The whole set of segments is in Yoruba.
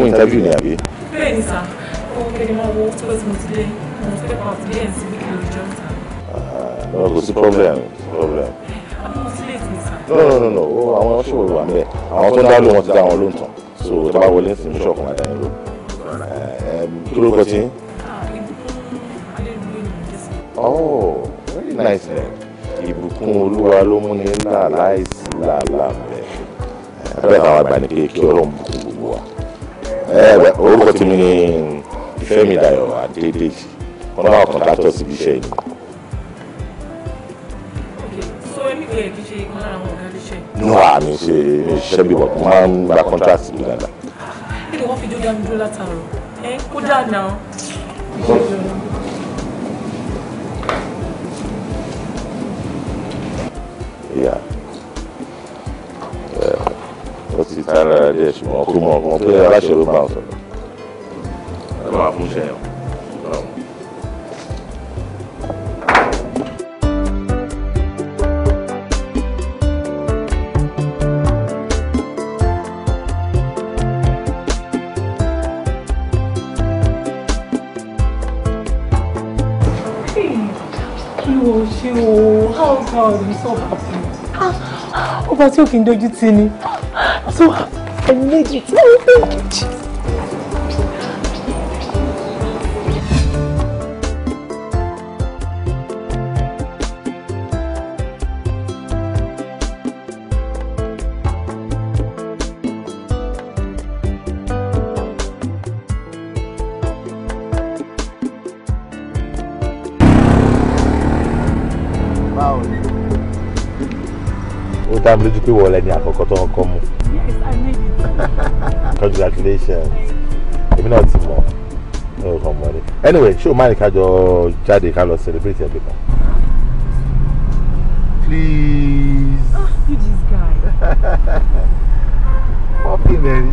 fún interview ni àbí. bẹ́ẹ̀ ni sà ó kéde máa wo tó bá ti mo ti dé mo ti dé pa ti dé ẹ̀ sí wíkì lórí jọ́ńtà. kò sí problem problem. no no no no àwọn ọ̀ṣọ́ wo wà níbẹ̀ àwọn tó ń dá lóun wọn ti dá wọn lóun tán so tó bá wọlé sí mú ṣọ́ọ̀kùn àdáyé ló kí ló kọ ah, sí. oh very nice name ìbùkún olúwa ló mú eh, ní ńlá láìsí làálàá bẹ́ẹ̀ bẹ́ẹ̀ bá wa gbà ní kí ọlọ́run bù orúkọ tèmi ni Ìfẹ́mi Dayọ̀ Adédèjì wọn náà kọńtàtọ síbi iṣẹ́ yìí. nù àmì ṣe iṣẹ́ bíbọ̀ mo máa ń gba contract mi dáadáa. kí ni wọ́n fi jódá mi dúró látàárọ̀ ẹ kó dáa náà. Yeah. Uh, what's the time that I did? She won't come on. Won't play that. I should ṣe o how how you so happy ah, ọba tí ò kí n dojú ti ni so I méjì tí ó ń gbé dá mi lójú pé wọ́n lẹ́ni àkọ́kọ́ tó ń kọ́ Yes, I made it. Congratulations. èmi náà ti mọ̀ No kàn mọ́ anyway show o máa ní ká jọ jáde ká lọ celebrate ẹbí kan. please. Oh, you this guy. popping mary.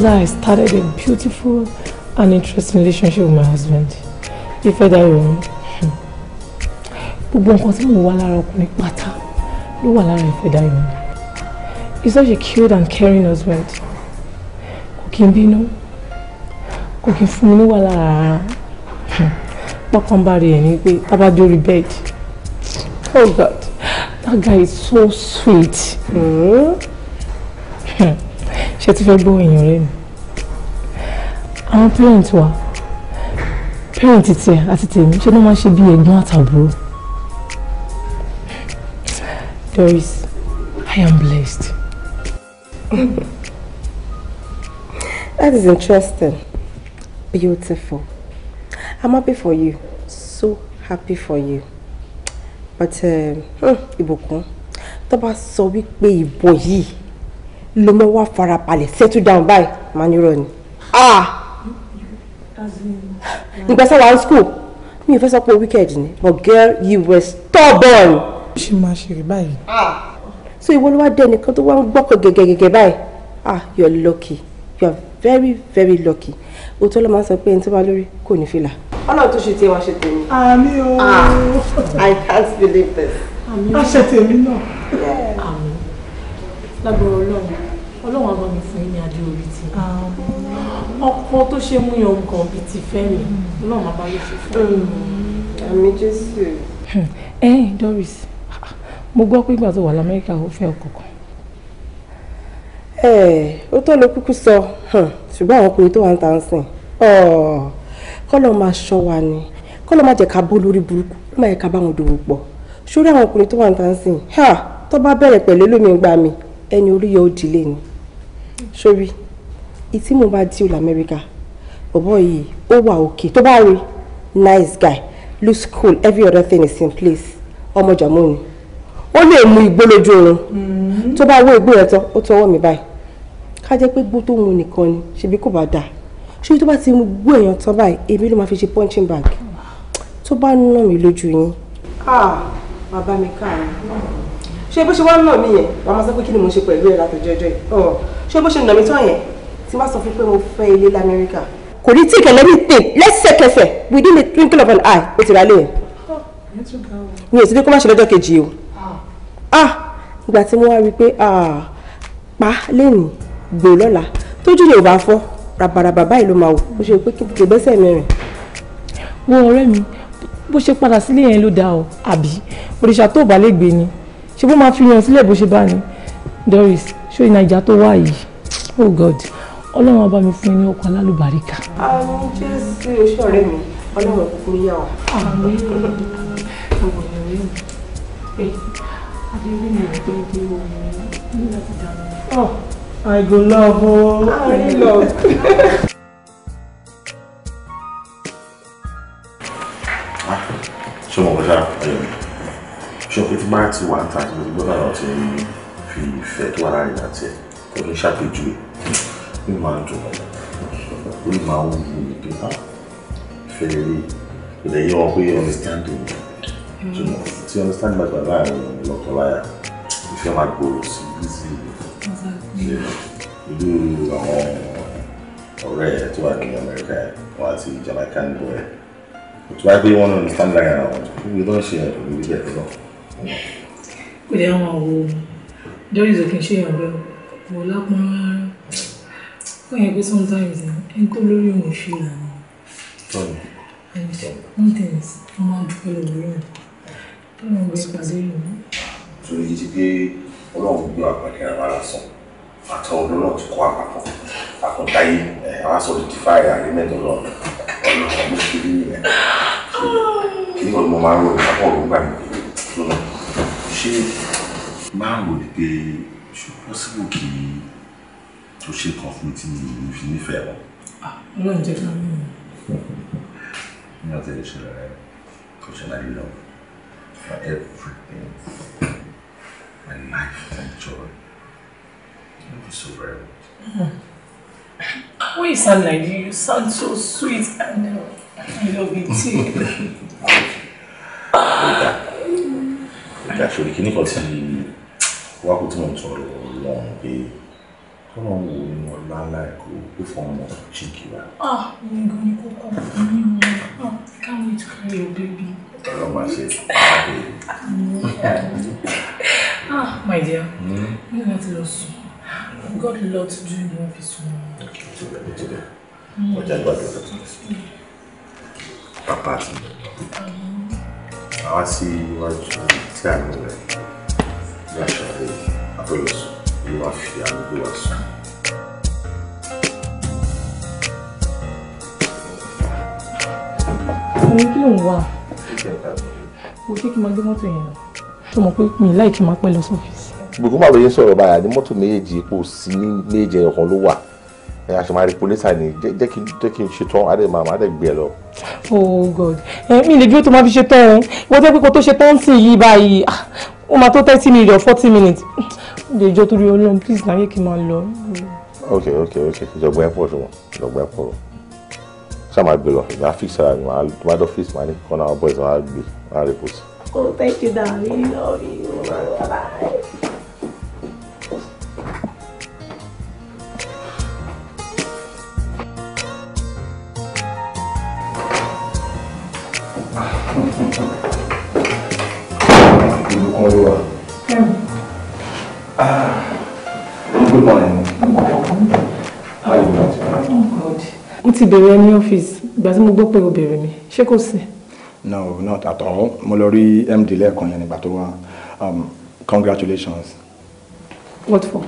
Because I started a beautiful and interesting relationship with my husband. If dayọ̀ mi. Gbogbo nǹkan tí mo wá lára ọkùnrin pátá ló wà lára ìfẹ́ dayọ̀ mi. He's such a cute and caring husband. Kò kí n bínú. Kò kí n fún mi ní wàhálà rárá. Pọ́kànbá Oh God, that guy is so sweet. Mm -hmm ṣé ti fẹ́ gbọ́ èèyàn rẹ mi àwọn parent wa parent tiẹ̀ àti tèmi ṣé ló máa ṣe bí ẹ̀gbọ́n àtàbúrò Doris I am blessed. That is interesting. Beautiful. I'm happy for you. So happy for you. But, um, hmm, Ìbùkún, tó bá sọ wípé ìbò yìí ló mọ wá farabalẹ̀ settle down báyìí máa You rọ ni. Ah! nígbà sáwà ń school mi ò fẹ́ sọ pé wicked ni but girl you were stubborn. ó sì máa ṣe rí báyìí. Ah! so ìwọ ló wá dé ẹnìkan tó wá ń gbọ́kọ̀ gẹ́gẹ́gẹ́gẹ́ báyìí ah you are lucky you are very very lucky òótọ́ ló máa ń sọ pé ẹni tó bá lórí kò ní fìlà. ọlọ́run tó ṣe tiẹ̀ wá ṣe tèmi. àmì o. Ah, I can't believe this. àmì o. a ṣe tèmi náà. àmì lágbára ọlọ́run ọlọ́run àbọ̀ mi fún yín ní adé orí ti ọkọ tó ṣe mú yan nǹkan bíi ti fẹ́ mi ọlọ́run àbá yóò ṣe fún mi. àmì jésù. ẹ̀yin eh, Doris mo gbọ́ pé ìgbà tó wà lamẹ́ríkà ó fẹ́ ọkọ kan. ẹ̀ẹ́ eh, ó tó ló kúkú sọ ṣùgbọ́n àwọn ọkùnrin tó wà ń ta ń sìn kọ́lọ́ máa ṣọ́ wa ni kọ́lọ́ máa jẹ́ ká bó lórí burúkú kó máa yẹ ká bá wọn dòwò pọ̀ sórí àwọn ọkùnrin tó wà ń ta ń sìn tó bá bẹ̀rẹ̀ pẹ̀lú lómi ìgbà mi ẹni orí yọ òdìlé ni sórí ìtí mo bá deal America bọ̀bọ̀ yìí ó wà òkè tó bá rí nice guy look cool every other thing is in place ọmọ jàmọ́ ni ó lè mu igbó lójú oorun mm-hmm. tó bá wọ igbó yẹn tán ó tọwọ́ mi báyìí ká jẹ́ pé gbó tó mu nìkan ni ṣebí kò bá dáa ṣé tó bá ti mu gbó èèyàn tán báyìí èmi ló máa fi ṣe punching bag tó bá nà mí lójú yín. bàbá ah, mi káàárọ̀ ṣé bó ṣe wá ń nà mí yẹn wàá máa sọ pé kí ni mo ṣe pẹ̀lú ẹ̀ látọjọ́ yìí. Oh ṣé bó ṣe nà mí tán yẹn tí wàá sọ fún pé mo fẹ́ ilé lamẹ́ríkà. kò ní tí ìkẹlẹ́ mi tè lẹ́sẹ̀kẹsẹ̀ within the twinkle of an eye ó ti ra lé mi ò sì ní kó má ṣe lọ́jọ́ kejì o ah ìgbà tí mo wá rí i pé ah, pa lẹ́nu gbò lọ́la tójú ni ò bá fọ́ rabaraba báyìí ló máa wò ó ṣe pé kékeré bẹ́sẹ̀ mẹ́rin. wo ọ̀rẹ́ mi bó ṣe padà sílé yẹn ló dáa o àbí òrìṣà tó bá lè gbé ni ṣé bó máa fi yan sílẹ̀ bó ṣe bá ni Doris ṣó ìnà ìjà tó wà yìí oh god ọlọ́run ọba mi fún mi ní ọkọ alálùbáríkà. àwọn jésù oṣù ọ̀rẹ́ mi ọlọ́run kúkú yà wá. àmín ọwọ́ ìrìn mi ẹ adébí mi ò gbé dé omi ní láti dáná. oh i go love o. i love. ṣé mo bọ̀ sára ọ̀rẹ́ mi ṣé o pé tí bá ti wà ń ta àti ọ̀tún yẹn fi ìfẹ́ tó ara rẹ̀ àti ẹ̀ tó fi ṣàpèjúwe ní máa ń dùn ó máa ń wù mí pé ah, ìfẹ́ lè lè yẹ wọn pé understanding jùmọ̀ tí understand gbàgbà láàrin lọ́kọ láya ìfẹ́ máa gbòòrò sí bísí ìlú àwọn ọ̀rẹ́ ẹ̀ tó wà ní Amẹ́ríkà ẹ̀ wọ́n àti Jamaican boy ẹ̀ tí wàá gbé wọn understand láàrin àwọn ọ̀rẹ́ ẹ̀ tó ń ṣe ẹ̀rọ ìbílẹ̀ tó lọ. kò yẹ wọn wo There is okay, ṣé èèyàn bẹ́ẹ̀ wò lápọn rárá. Ó yẹ pé sometimes ẹni tó lórí òun ṣe là ní. And one thing is, wọ́n máa ń dúpẹ́ lórí òun. Tọ́lọ̀ ń gbé pàdé ìlú. Sori jí ti pé Ọlọ́run gbé àpàdé ara lásán. Àtọ̀ Ọlọ́run ti kọ́ àpapọ̀. Àkọ́dáyé ẹ̀ wá sọ ti fáyà àrímẹ́tọ̀ Ọlọ́run. Ọlọ́run ló fi rí rẹ̀. Kí ni mo máa ń rò ní àpọ̀ òun gbà mí? Ṣé máa ń rò ní pé ṣe pọ́sibú kí o ṣe kàn fún tí mi fi nífẹ̀ẹ́ wọn. ọlọ́run ah, jẹ́ ká mú un. ní ọ̀tẹ̀ lè ṣẹlẹ̀ rẹ̀ kò ṣẹlẹ̀ rí lọ for everything my life and joy you be so very good. Mm. Why you sound like you? You sound so sweet and uh, I love it too. Ìgbà ah. ṣòrí kí ni kò tí wá kó tí mo tọrọ Ọlọ́run pé kọ́nà wo ni wọ́n bá láìkó ó fọmọ chíkì wa. ah mi gan ni kókó mi ò mọ can't wait to carry your baby. ọlọ́run máa ṣe ah my dear mi ò láti lọ sùn god lord do you know this one. ọjà gbàdúrà tó ń sùn pàpà tó ń bọ̀ àwa sí iwájú tí a lọ rẹ̀ lọ́sọ̀rọ̀ pẹ̀lú sùn olúwa fi àánú gbé wa sùn. mo kí òun wà mo kí kí n máa gbé mọ́tò yẹn lọ ṣé mo pé mi láì kí n máa pẹ́ lọ sọ́fíìsì. gbogbo máa lóye sọ̀rọ̀ báyà ní mọ́tò méjèèjì epo sí ní méje ọ̀kan ló wà ẹ a ṣe máa rí polisa ni jẹ́ kí n ṣe tán adé màmá adé gbé ẹ lọ. oh god ẹ mi lè dúró tó máa fi ṣe tán o wọ́n tẹ́ pé kó tó ṣe tán sí yìí báyìí ah, ó máa tó thirty minutes or forty minutes lè jọ torí Ọlọ́run please náà yẹ kí n máa lọ. ok ok ok ìjọba airport wọn ìjọba airport wọn ṣáà máa gbé lọ ìgbà fix ara mi máa tó máa dọ́ fix máa ní kọ́nà àwọn boys máa gbé máa report. oh thank you darling love you bye bye. Mm-hmm. Moriwa. Ah, good morning. How are you doing? good. Mo ti bẹ̀rẹ̀ ní ọ́fíìsì, ìgbà tí mo gbọ́ pé o bẹ̀rẹ̀ mi, ṣé kò sí? No, not at all. Mo lọ rí MD lẹ́ẹ̀kan yẹn nígbà um, Congratulations. What for?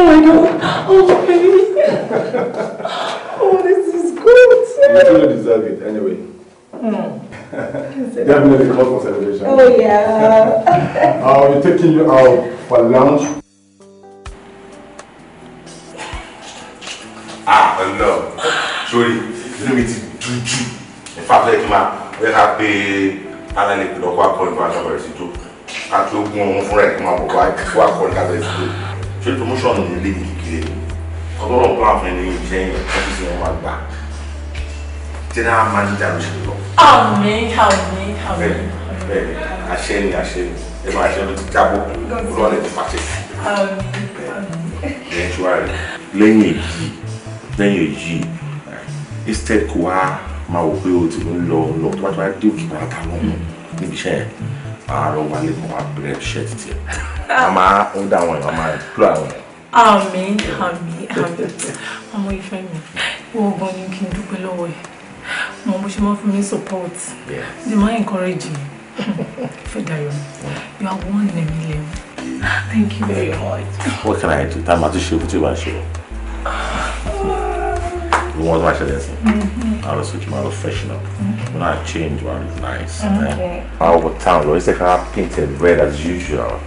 Oh my god. Oh baby. oh, this is good. You truly deserve it anyway. Mm. Definitely cause for celebration. Oh yeah. I'll be taking you out for lunch. Ah, no. Sorry, you know me to do you. In fact, like ma, we have pay ala le pe dokwa kon ba ta bẹ̀rẹ̀ sí do. Ka to gun ohun fún rẹ̀ ma bo wa ko akon ka ṣé promotion ní ilé ní kékeré ni kọ́tọ́rọ̀ plan fún ẹni yìí lẹ́yìn ọ́fíìsì yẹn wà gbà general manager ló ṣe lọ. àmín àmín àmín. bẹ́ẹ̀ bẹ́ẹ̀ àṣẹ ni àṣẹ ni ẹ máa ṣe ló ti jábọ̀ olúwa lè ti pàṣẹ. lẹ́yìn tí wàá rẹ̀ lẹ́yìn èyí lẹ́yìn èyí instead kò wá máa wò pé o ti ń lọ lọ tó bá ti wá dé òkè máa ta lọ́nà níbi iṣẹ́ yẹn àárọ̀ wálé fún wa bẹ̀rẹ̀ ṣẹ́ títí ẹ̀ wọ́n máa ń dá àwọn èèyàn máa dúró àwọn èèyàn. àmín àmín àmín ọmọ ìfẹ́ mi wọ́n gan ni kí n dúpẹ́ lọ́wọ́ ẹ̀ mo bó support you might encourage me ìfẹ́ dayọ̀ you are one in a million thank you very much. what can I do tá a show tún ṣe fún tí o bá want my students I was switching my professional mm-hmm. when I change, one is nice okay. eh? over time Lois have painted red as usual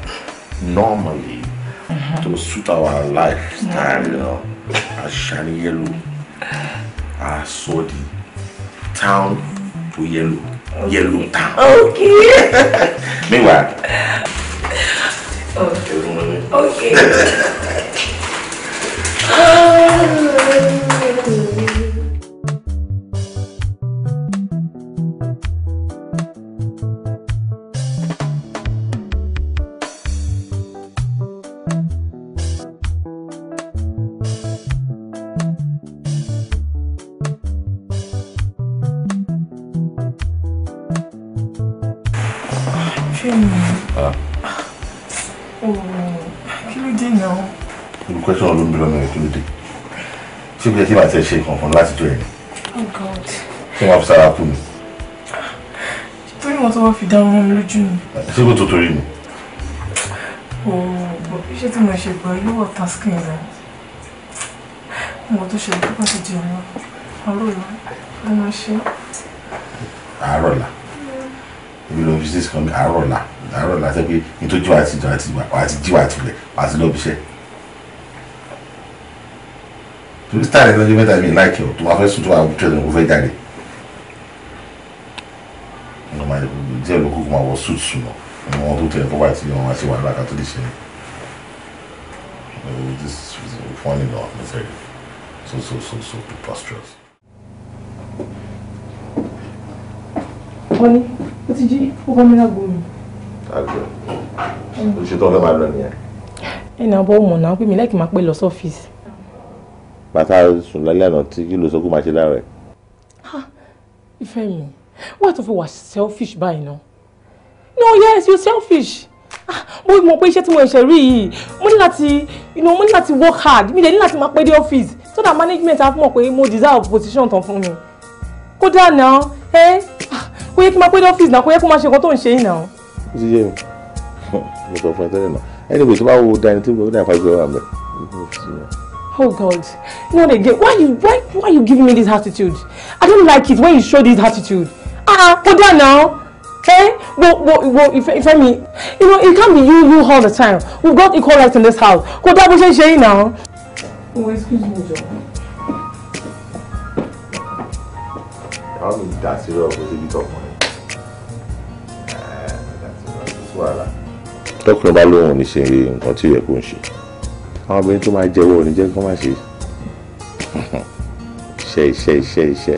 normally mm-hmm. to suit our lifestyle you know as shiny yellow I saw the town to yellow okay. yellow town okay meanwhile okay, okay. okay. oh. 그 ṣé kò yẹ kí màtí ẹ ṣe kankan láti jọ ẹ ni ṣé oh wọn fi sára kú ni. torí wọn tó wá fi dá wọn lójú ni. ṣé kò tó torí mi. ooo iṣẹ́ tí mo ṣe gbọ́ yóò wọ task yẹn lọ mo tó ṣe lọ́pọ̀ ti di ọ̀la ọlọ́ọ̀la ló máa ṣe. àárọ̀ la ibi lọ fi ṣe sí kan àárọ̀ la àárọ̀ la ṣe pé nítorí wàá ti jíwàá ti wàá ti wàá ti lọ́ọ́ fi ṣe torí táyà lọ́jọ́ mẹ́ta mi láìkẹ́ ọ̀ tó máa fẹ́ sùn tó máa tẹ̀ lóko fẹ́ jáde ọ̀nà máa jẹ́ lóko kó máa wọ suit sùn lọ ọmọ wọn tó tẹ̀ tó wà tí wọn máa ṣe wà lára tó lè ṣe ni this is funny not necessary so so so so preposterous. wọ́n ní ó ti jí ó bá mi lágbo mi. àgbẹ̀ òṣèlú ọ̀fẹ́ máa lọ nìyẹn. ẹ̀ náà bọ́ ọmọ náà pé mi láìkí máa pẹ́ bàtà sùn lálẹ́ àná tí kí ló sọ kó máa ṣe lára ẹ̀. ìfẹ́ mi wà tó fi wà selfish báyìí náà no yes you selfish ah, mo mọ̀ pé iṣẹ́ tí mo ṣe rí yìí mo ní láti you know mo ní láti work hard mi dẹ̀ ní láti máa pẹ́ dé office, so that management á mọ̀ pé mo deserve position tán fún mi kódà náà ẹ ah, kó yẹ kí n máa pẹ́ dé ọ́fíìsì náà kó yẹ kó máa ṣe nǹkan tó ń ṣe yìí náà. ó ti yé mi mo sọ fún ẹ tẹ́lẹ̀ náà ẹni bò tó bá wo dání tí mo dá ìfàgbé wà Oh God, not again. Why you why why you giving me this attitude? I don't like it when you show this attitude. Ah, uh, down now. Okay. Well, well, well if, if I mean, you know, it can't be you, you all the time. We've got equal rights in this house. Kódà bó ṣe ń now. Oh, excuse me, John. How many eh, that's it up? Was it you talking about? That's it up. That's wàhálà. Tọ́kùnrin bá lóun ò ní ṣe nǹkan tí ó yẹ kó ń ṣe àwọn obìnrin tó máa jẹ́wọ́ ò ní jẹ́ kí wọ́n má ṣe iṣẹ́ iṣẹ́ iṣẹ́ iṣẹ́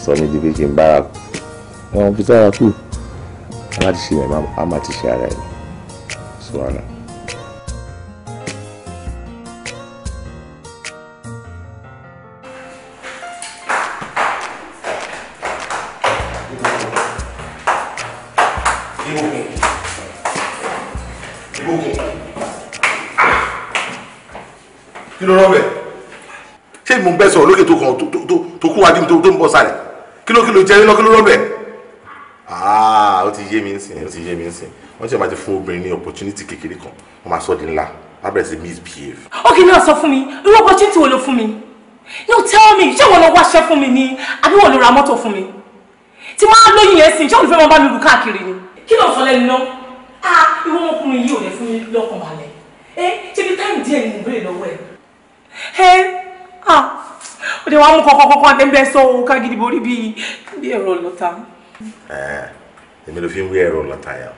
sọ ní dídí kí n bára kú wọn fi sára kù a má ti ṣe ara ẹ̀ sọ wọn náà. eléyìí mo ń bẹ́ sọ̀rọ̀ lókè tó kàn tó kún wa dín tó ń bọ̀ sálẹ̀ kí ló kí ló jẹ́ kí ló rọ́ bẹ̀. aa ah, ó ti yé mi nsìn ó ti yé mi nsìn wọ́n ti máa ti fún obìnrin ní opportunity kékeré kan wọ́n máa sọ di ńlá wọ́n bẹ̀rẹ̀ sí misbehave. ok náà sọ fún mi irú opportunity wo ló fún mi yóò tell me ṣé wọ́n lọ wáṣẹ́ fún mi ni àbí wọ́n lọ ra mọ́tò fún mi tí máa lóyún yẹn sìn ṣé olùfẹ́ máa bá mi lù káàkiri ni kí ló sọ lẹ́nu náà ah irú ọmọkùnrin yìí ò lè fún mi lọ́kàn balẹ̀ ẹ eh, ṣe bí táìmù díẹ̀ ni mo béèrè lọ́wọ́ ẹ. Eh, ó dé wàá mú kọ́kọ́kọ́kọ́ àtẹ́gbẹ́ sọ ohun ká borí bíi bí ẹ̀rọ lọ́ta. èmi ló fi ń wé ẹ̀rọ lọ́ta yà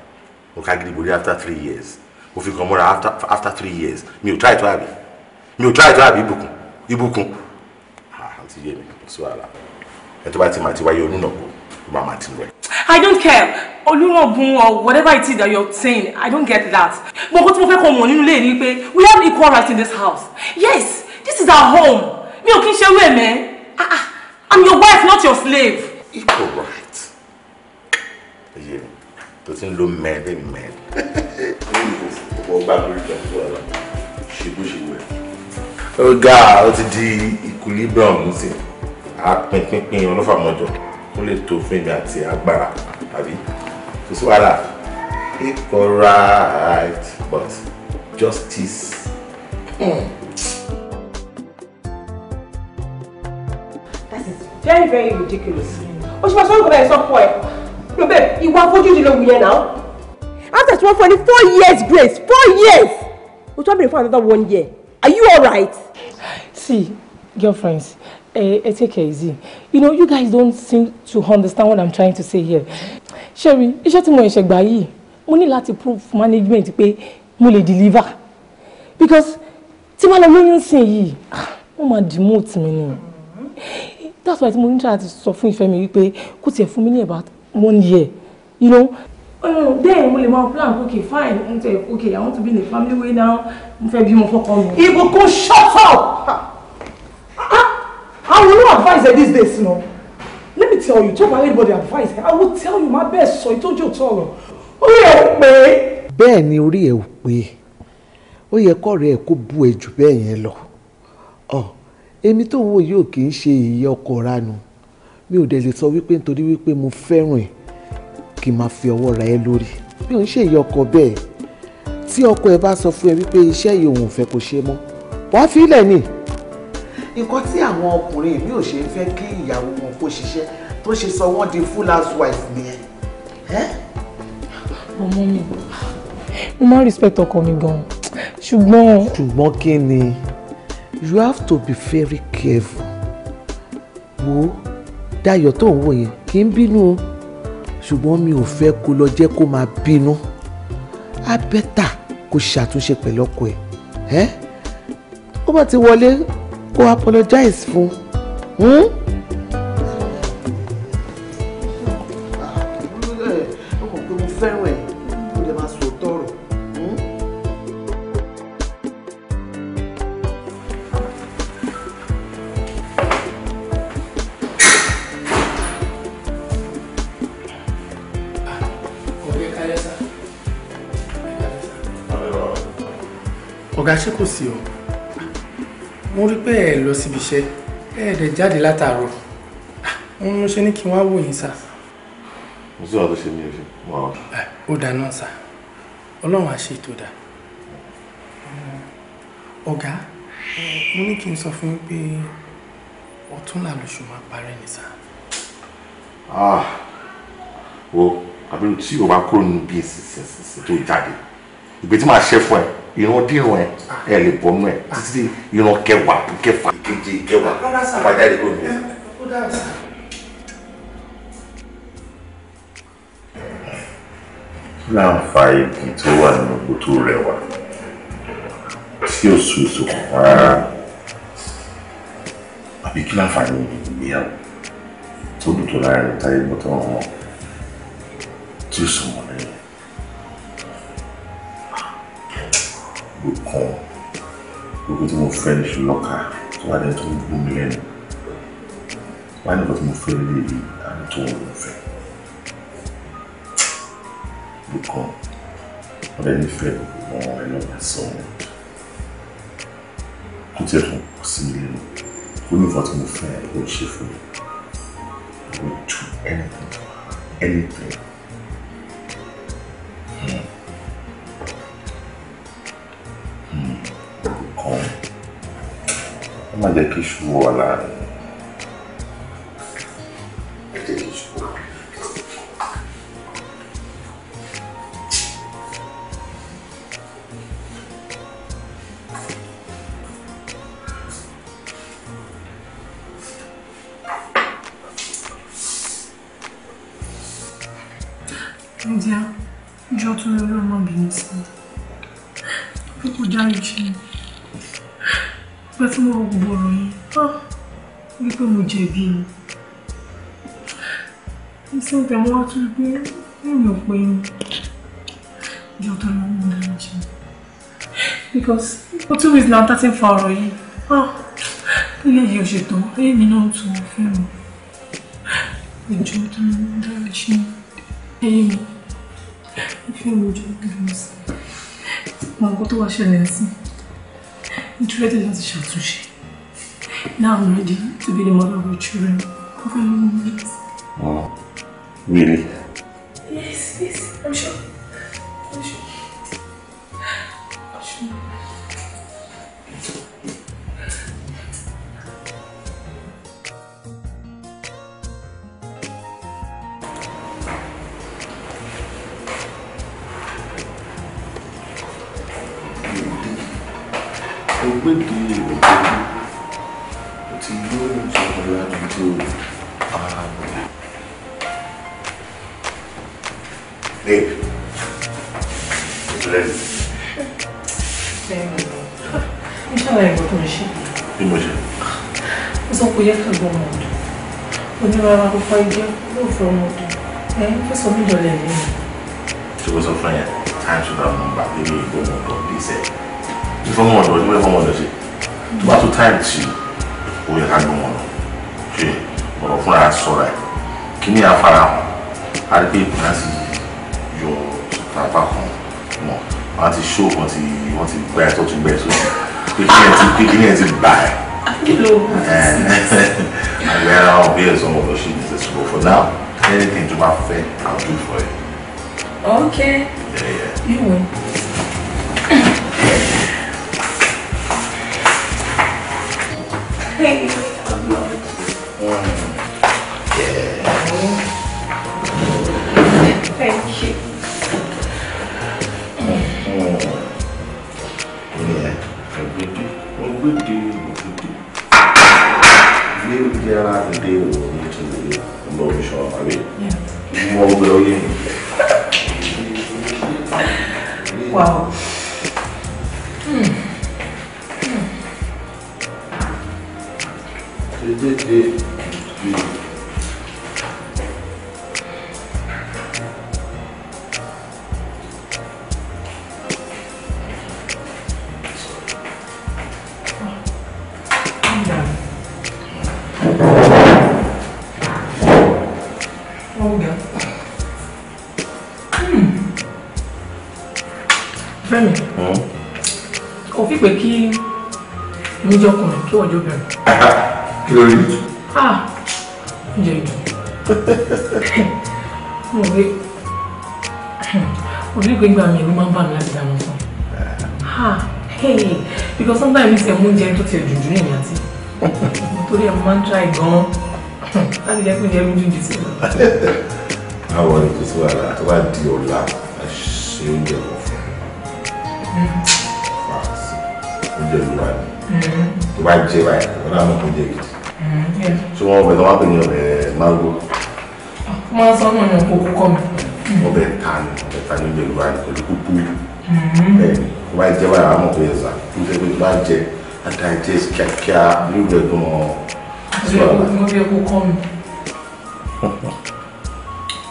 ó ká borí after three years ó fi kàn mọ́ra after three years mi ò try tó àbí mi ò try tó àbí ibùkún ibùkún àti ah, yé mi sí wàhálà ẹ tó bá ti máa ti wáyé onúnàkó ló máa máa ti rẹ. I don't care olúrọ̀gùn or whatever it is that you're saying I don't get that. mo tí mo fẹ́ kọ́ mọ̀ nínú ilé ni pé we have equal rights in this house yes this is our home mi ò kí ń ṣe wé mẹ́ ah, ah, i'm your wife not your slave. equal right ẹyẹ mi tó ti ń lo mẹ́ẹ̀ẹ́dẹ́ mẹ́ẹ̀ẹ́dẹ́. ọ̀pọ̀ ọgbà lórí ìjọba wa ṣe bó ṣe wẹ̀. ó ga ó ti di equilibrium nísìnyí apinpinpin ọlọ́fàmọ́jọ ó lè tó fún mi àti agbára tàbí kò sí wàhálà equal right but justice. Mm. very very ridiculous o ṣe máa sọ nǹkan bẹ́ẹ̀ sọ fún ẹ no babe ìwà àfojúdi ló wù yẹn náà. after tí wọ́n fún four years grace four years o tún bèrè fún another one year are you alright. see girlfriends eh, eh, take care easy you know you guys don't seem to understand what i'm trying to say here sherry iṣẹ́ tí mo ṣe gbà yìí mo ní láti proof, management pé mo lè deliver because tí ma lọ lóyún sí yìí ah, wọ́n máa demote mi ni that's why mo ní try to sọ fún ìfẹ́ mi wípé kó tiẹ̀ fún mi ní about one year you know. Um, then mo lè máa plan okay fine okay I want to be in a family way now mo fẹ́ bímọ fọ́kọ mi. Ìbùkún shut up I will not advise her these days. You know? Let me tell you, talk about anybody advice. I will tell you my best, so I told you to all. Orí ẹ̀ ò pé. Bẹ́ẹ̀ ni orí ẹ̀ ò pé, ó yẹ kọ́ọ̀rẹ́ ẹ̀ kó bú ẹ jù bẹ́ẹ̀ yẹn lọ èmi tó ń wò yìí ò kì í ṣe ìyẹ́ ọkọ ránu mi ò dẹ̀ lè sọ wípé nítorí wípé mo fẹ́ràn ẹ̀ kí n máa fi ọwọ́ ra ẹ lórí mi ò ń ṣe ìyẹ́ ọkọ bẹ́ẹ̀ tí ọkọ ẹ bá sọ fún ẹ wípé iṣẹ́ yìí òun fẹ́ kó ṣe mọ́ wàá fi ilẹ̀ ni nǹkan tí àwọn ọkùnrin mi ò ṣe ń fẹ́ kí ìyàwó wọn kó ṣiṣẹ́ tó ṣe sọ wọ́n di full house wife nìyẹn. ọmọ mi mo máa ń respect ọkọ mi gan-an ṣùgbọ́n. ṣùgbọ́n kí ni you have to be very careful wo Dayọ̀ tó ń wò yẹn kì í bínú o ṣùgbọ́n mi ò fẹ́ kó lọ jẹ́ kó máa bínú á bẹ́tà kó ṣàtúnṣe pẹ̀lú ọkọ ẹ̀ ẹ́ ó bá ti wọlé kó apologize fún un. Hmm? ṣé kò sí o mo rí pé ẹ lọ síbi iṣẹ́ ẹ dẹ̀ jáde látàárọ̀ mo ṣe ní kí n wá wò yín sá. mo sì wà tó ṣe ní ẹṣin mo àwọn. ó dáná sá ọlọ́run á ṣe tó dáa ọ̀gá mo ní kí n sọ fún yín pé ọ̀túnla lóṣù máa parẹ́ ní sá. Ah, wo àbẹ̀rù tí o bá kúrò nínú bí èsì tó jáde ìgbé tí màá ṣe fún ẹ ìran dírun ẹ ẹ lè bọ́ nù ẹ títí ìran kẹwàá kẹfà keje kẹwàá àbájá lè lómi. láǹfààní tó wà nínú gbogbo tó rẹwà tí ó sùn sùn rárá àbí kí láǹfààní ìgbéyàwó tó dùn tó láàrin táyé gbọ́tọ̀ wọn tí ó sùn wọn nǹkan gbogbo tí mo fẹ́ ní locker. tó wà lẹ́yìn tó ń gbó mi lẹ́nu wà ní nǹkan tí mo fẹ́ lé yìí àmì tó wọ̀ ló fẹ́ nǹkan wọ́n lẹ́yìn fẹ́ gbogbo wọn ẹ̀ lọ́wọ́ sọ You kò tiẹ̀ fún kò sí mi lẹ́nu kò ní nǹkan tí anything anything. Mas é que voa lá. because for two weeks now thirteen fa ọ̀rọ̀ yìí ayé ah, yìí ò ṣètò ayé mi náà tún fún mi ìjọ tó ń dára ṣe ayé mi ìfẹ́ mi ojú ìgbìmọ̀ sí mọ nǹkan tó wá ṣẹlẹ̀ sí ìtúrẹ́dẹ̀ láti ṣàtúnṣe now I'm ready to be the mother of your children. Have a long night. Oh, really? sọ́ra ẹ̀ kí ni àfarahàn àrígbé ìpínlẹ̀ ti yọ tàbá kan mọ̀ wọ́n ti ṣó wọn ti wọ́n ti gbẹ́ ẹ̀ tó tún gbẹ́ ẹ̀ sósì pé kí ẹ̀ ti pé kí ẹ̀ ti bà ẹ̀. àgbẹ̀ ara wọn bí ẹ̀sán wọn lọ ṣe ní ṣẹ̀ṣẹ̀ bọ̀ for now anything tó bá fẹ́ I'll do for you. Okay. Yeah, yeah. You win. Hey. mo gbé oyè mi. ń bà mí láti dáná fún because sometimes ẹ̀ mú oúnjẹ tó ti ẹ̀dùn jù ní ìyá tí nítorí ẹ̀ máa ń try gan-an láti jẹ́ pé oúnjẹ mi dùn jù sí lọ. báwo ni kò sí wàhálà tó bá di ọ̀la a ṣe oúnjẹ kan fún un hmm. fàásì oúnjẹ ló wà ní hmm. tó bá jẹ báyìí wọn náà mọ oúnjẹ gidi hmm, ṣé wọn bẹ tó wá pè ní ọbẹ mango. máa ń sọ náà ní ọkọ kúkọ mi ọbẹ̀ ta ni ọbẹ̀ ta ni pẹ̀lú wa pẹ̀lú kúkú bẹ́ẹ̀ ni ó bá jẹ́ báyà àmọ̀ bẹ́ẹ̀ zà tó jẹ́ pé bá jẹ́ advantage kíákíá nílùú ẹ̀gbọ́n ọ̀ sọ̀rọ̀ mo fi ẹ̀kọ́ kọ́ mi.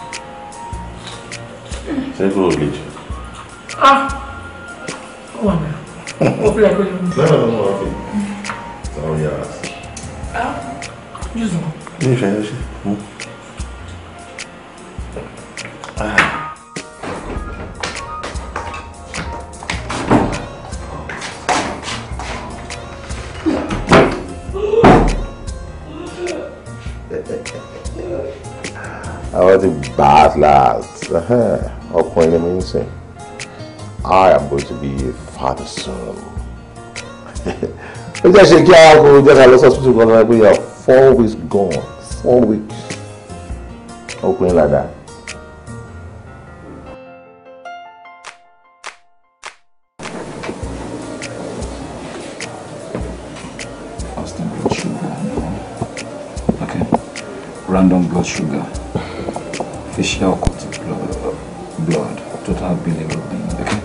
ṣé kúrò lè jù. ah ó wà náà ó fi ẹ̀kọ́ yẹn. lẹ́yìn ọ̀dọ́ mo wá fi ọ̀rọ̀ yàrá. ah jùzọ̀. ní ìfẹ́ yẹn ṣe. ti gbà á last ọkùnrin ni mo sìn I am going to be a father soon. ó jẹ́ ṣe kí aago jẹ́ ká lọ sọ́sítù kan náà pé you are four weeks gone four weeks ọkùnrin ládàá. random blood sugar artificial cottage blood, blood total bilirubin, okay?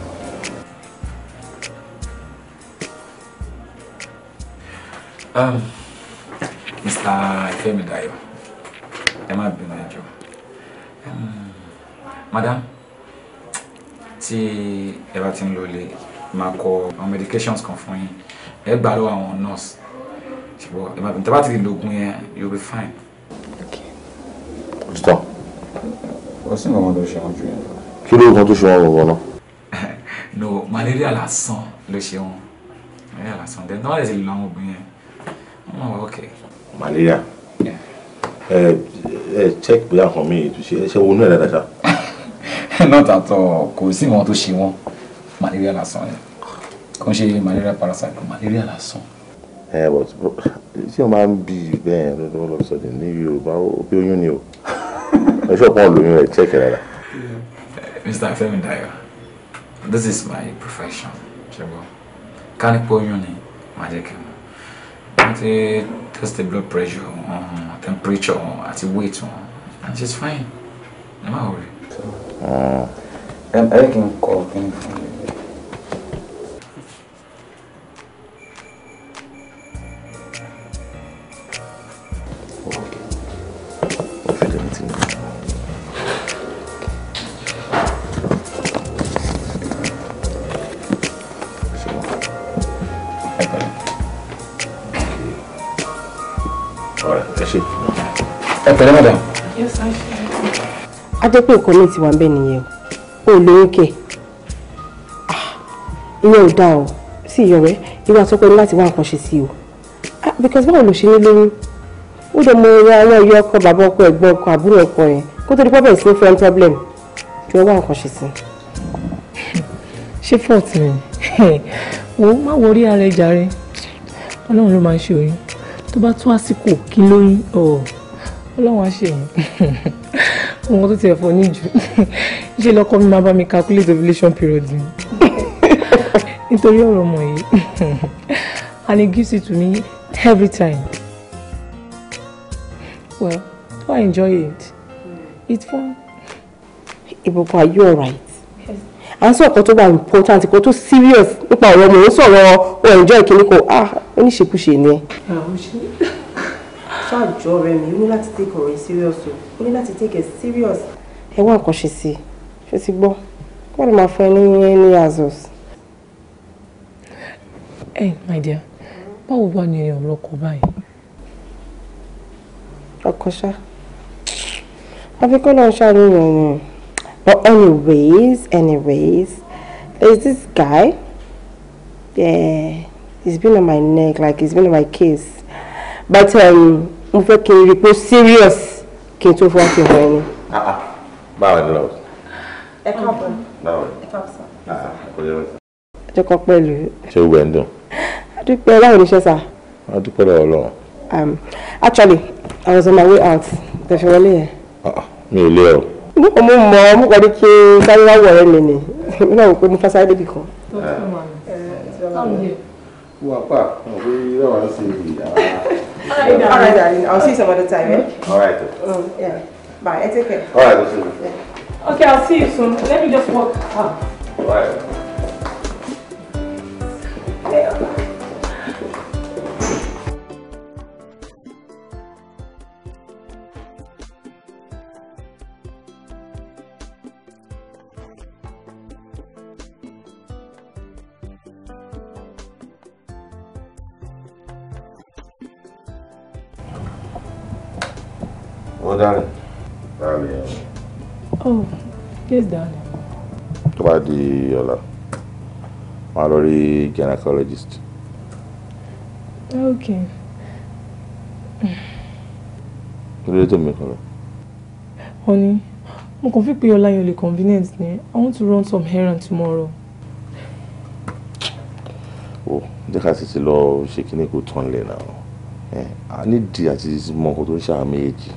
Um, Mr. Ifemidayo, ẹ má bínú ẹ jọ̀ọ́. Um, madam, see everything bá My ń lọlé, medications kan fún yín. Ẹ gbà lọ́wọ́ nurse. Ṣùgbọ́n ẹ má bínú, tẹ́ bá you'll be fine. kò sí nǹkan tó ṣe wọn ju yẹn lọ. kí ló nǹkan tó ṣe wọn gbọ̀ngàn náà. no malaria lásán ló ṣe wọn malaria lásán dẹ̀ náà lè lo àwọn obìnrin yẹn wọ́n wà okay. malaria ẹ ẹ check bí àwọn míì tó ṣe ẹ ṣe wọnú ẹ dáadáa ṣá. not at all kò sí nǹkan tó ṣe wọn malaria lásán ni kò ń ṣe malaria parasite malaria lásán ẹ bọ tí wọn máa ń bí bẹ́ẹ̀ lọ́dọ̀ lọsọdẹ ní yorùbá ó bí oyún ni o ẹ ṣe ọ̀pọ̀ olóyún ẹ̀ check rárá. Mr. Femi Dayo this is my profession ṣùgbọ́n kánípò oyún ni màá jẹ́ kí n mọ̀ wọ́n ti test the blood pressure wọn temperature wọn àti weight wọn and she's fine ẹ má wọlé. ẹ ẹ kí n kọ kí n fún mi. pẹ̀lẹ́ madam. yes i feel. adépé nǹkan mi ti wà ń bẹ nìyẹn o ò lóyún kẹ ìyẹn ò dáa o sí ìyọrẹ ìwà tó pẹ́ láti wá nǹkan ṣe sí o because báwo ló ṣe ní lóyún ó dẹ̀ mọ ìrora àwọn ẹyọ ọkọ bàbá ọkọ ẹ̀gbọ́n ọkọ àbúrò ọkọ yẹn kó tó di pọ́ bẹ̀rẹ̀ sí ní problem jọ wá nǹkan ṣe sí. ṣé fọ́ọ̀t mi wò ó má wo orí ara ẹ jàre ọlọ́run ló máa ń ṣe oyún tó bá tún àsìkò kí lóyún ọ̀ọ́ ọlọ́run á ṣe mí nǹkan tó ti ẹ̀fọ́ ní jù ṣé lọ́kọ mi máa bá mi calculate ovulation period ni nítorí ọ̀rọ̀ ọmọ yìí and he gives it to me every time well so I enjoy it it's fun. ìbùkún are you alright? à ń sọ ọ̀kan tó bá important kan tó serious nípa ọ̀rọ̀ ọmọ òun sọ̀rọ̀ ọ̀ oh, enjoy kìnnìkan ah oníṣekúṣe ni ẹ. Ah, ṣáàjọ ọ̀rẹ́ mi ó ní láti take ọ̀rọ̀ yìí serious o ó ní láti take it serious. ẹ wá nǹkan ṣe sí i ṣó ti gbọ́ kí wọ́n lè máa fún ẹ ní ní azos. ẹ my dear báwo wà ní ọ̀rọ̀ ọkọ báyìí. ọkọ ṣá àfi kọ́ náà ṣàníyàn ni but anyways anyways there is this guy yeah, he's been on my neck like he's been on my case but um, mo fẹ́ kí n rí pé serious kí n tó fún àti ọ̀rọ̀ ẹni. Ah, ah. báwo ni lọ́wọ́. ẹ káàbọ̀ ẹ káàbọ̀ sá. kọ́ pẹ̀lú. ṣé o gbẹ̀ ń dùn. a dúpẹ́ báwo ni sá. a dúpẹ́ lọ́wọ́ lọ́wọ́. Um, actually I was on my way out tẹ̀fẹ̀ wọlé yẹn. Ah, mi ò lé ọ. mo mọ mo kọ́ ni kí sáré wá wọ̀ ẹ́ mi ni mi náà wò pé mo fẹ́ sáré débi kan. tó kí wọn. wọ́n apá àwọn òwe yìí ń ṣe ìyá. All right, darling. I'll see you some other time. Eh? All right. Um, yeah. Bye. I take care. All right, we'll see you. Okay, I'll see you soon. Let me just walk. Ah. All right. Please, darling. Tó bá di ọ̀la, máa lọ rí gynecologist. Okay. Lórí tó mi kàn lọ. Honey, mo kàn fi pé ọ̀la yẹn ò lè convenient ni. I want to run some errands tomorrow. Wo, jẹ́ ká tètè lọ ṣe kíní kó tán lẹ̀ náà. Ẹ, a ní di àti mọ nǹkan tó ń ṣàmì èjì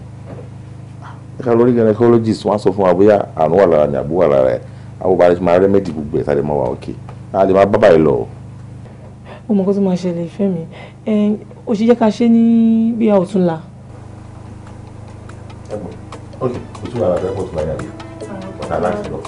caloric gynecologist wọn sọ fún wa bóyá àrùn wà lára ni àbú wà lára ẹ àwọn bá rẹ máa rẹmẹdì gbogbo ẹ sáré máa wà òkè náà lè má bá báyìí lọ. ó mọ kó tó máa ṣẹlẹ̀ ìfẹ́ mi ó ṣe jẹ́ ká ṣe ní bíi ọ̀túnla. ẹ̀gbọ́n ó tún wà lára ẹ̀kọ́ tó bá yàrá yìí ah, ọ̀tá láti lọ.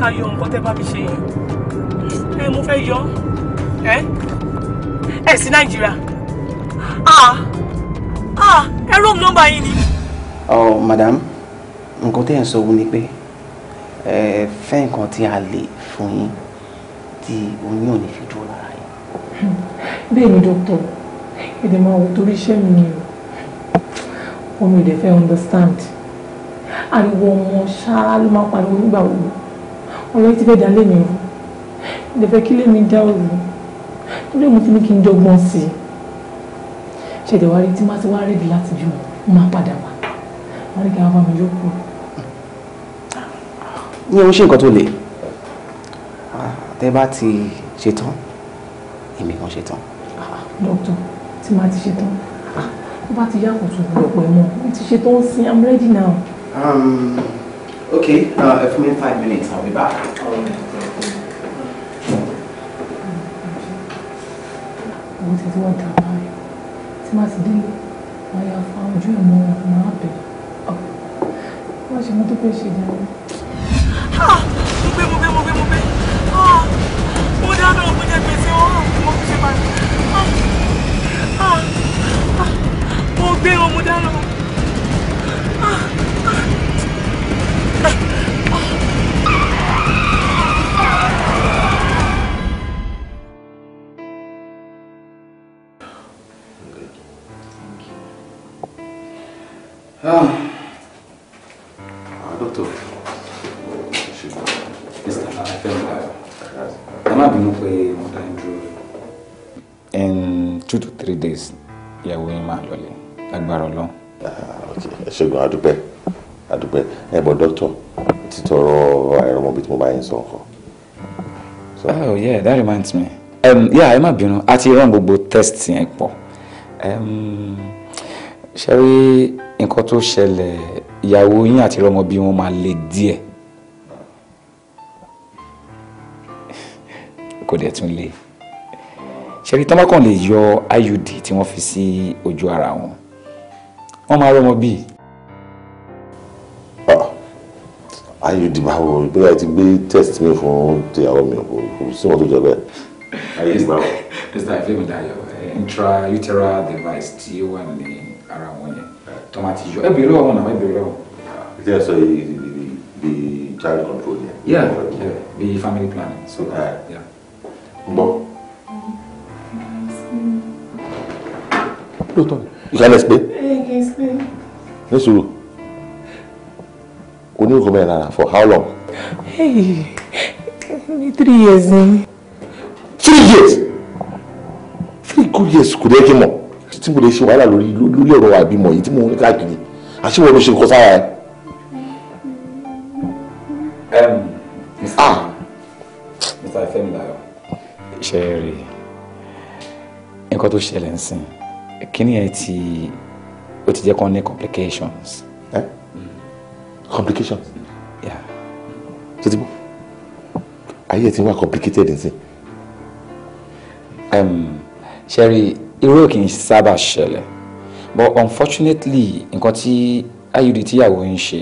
ká yọ nǹkan tẹ́ bá mi ṣe yẹn ẹ mo fẹ́ yọ ẹ ẹ sí nàìjíríà ah ah ẹ rome nọ́mbà yín ni. ọ madam nǹkan tẹ́ ẹ̀ ń sọ òun ni pé ẹ fẹ́ nǹkan tí a lè fún yín tí oyún ò ní fi dúró lára yín. bẹ́ẹ̀ ni dókítà èdè máa wò torí iṣẹ́ mi ni o omi ò dẹ̀ fẹ́ understand ariwo ọmọ ṣáá ló máa pariwo nígbà wo ọ̀rẹ́ ti fẹ́ dá lé mi rú lè fẹ́ kí lé mi dá òru torí mo ti ní kí n dọ́gbọ́n sí i ṣẹ̀dẹ̀ wá rí tí má ti wá rèébi láti bímọ mo máa padà wá wọ́n ní kí wọ́n bá mi yókù. ní ohun ṣe nǹkan tó le tẹ́ bá ti ṣetán èmi kan ṣetán. dókítà tí màá ti ṣetán tó bá ti yá kò tún ẹ̀ mọ́ mo ti ṣetán sí i'm ready now. Um, Okay, uh, if me five minutes, I'll be back. Àwọn ti tí wọ́n ta báyìí, tí máa ti délé, máa ya fa ojú ẹ̀ mọ́ wọn, máa bẹ̀. Wọ́n ṣe mú tó fẹ́ ṣe jẹun. Mo gbé mo gbé mo gbé mo gbé. Mo dáná mo jẹ gbèsè wọn, mo fi ṣe báyìí. Mo gbé wọn, mo dáná. Ah. ah, doctor. Mr. Afẹ́mi, ẹ má bínú pé mo dá yín dúró. In two to three days, yeah, ìyàwó Like barolo. lọlé lágbára Ọlọ́run. Ah, ẹ ṣègùn a àdúpẹ́ ẹ bọ̀ dọ́kítọ̀ títọrọ àìrọ́mọbí tí I'm a bit sọ nǹkan. Oh yeah, that reminds me. Um, yeah, ẹ má bínú, a ti rán gbogbo test yẹn pọ̀. Um, ṣé rí nǹkan tó ṣẹlẹ̀ ìyàwó yín àti ọmọ bí wọ́n máa le díẹ̀ kò dẹ̀ tún le ṣẹ́rí tán bá kàn lè yọ iud tí wọ́n fi sí ojú ara wọn wọ́n máa rọ́mọ bíi. iud báwo bí ah, a ti gbé test mi fún tìyàwó mi kò sí wọn tó jẹ bẹ́ẹ̀ iud báwo. mr ifemi dayo eh, intrauteral device tí ó wà ní ara wọn yẹn tó máa ti yọ ẹ bèrè lọ́wọ́ náà ẹ bèrè lọ́wọ́. ilé ẹ̀sọ́ child control there. yeah yeah The family planning. so yeah. n bọ. lóòótọ́ ni. ìlànà ẹ̀sìn pé. ní sùúrù kò ní ìkọ́ bẹ́ẹ̀ lára for how long. Hey, three years ni. three years three good years kò dé kí n mọ̀ tí mo lè ṣe wàhálà lórí lórí ọ̀rọ̀ àbímọ yìí tí mo ń káàkiri àṣìwọ ló ṣe nǹkan sára ẹ. Mr. Ifemilayo. ṣe é rí nǹkan tó ṣẹlẹ̀ ń sìn kíní ẹ ti ó ti jẹ́ kán ní complications. Eh? complications. Yeah. tó ti bọ́ ayé ẹ ti wá complicated nsìn. ṣe rí irú kì í sábà ṣẹlẹ̀ but unfortunately nǹkan tí iud tíyàwó ń ṣe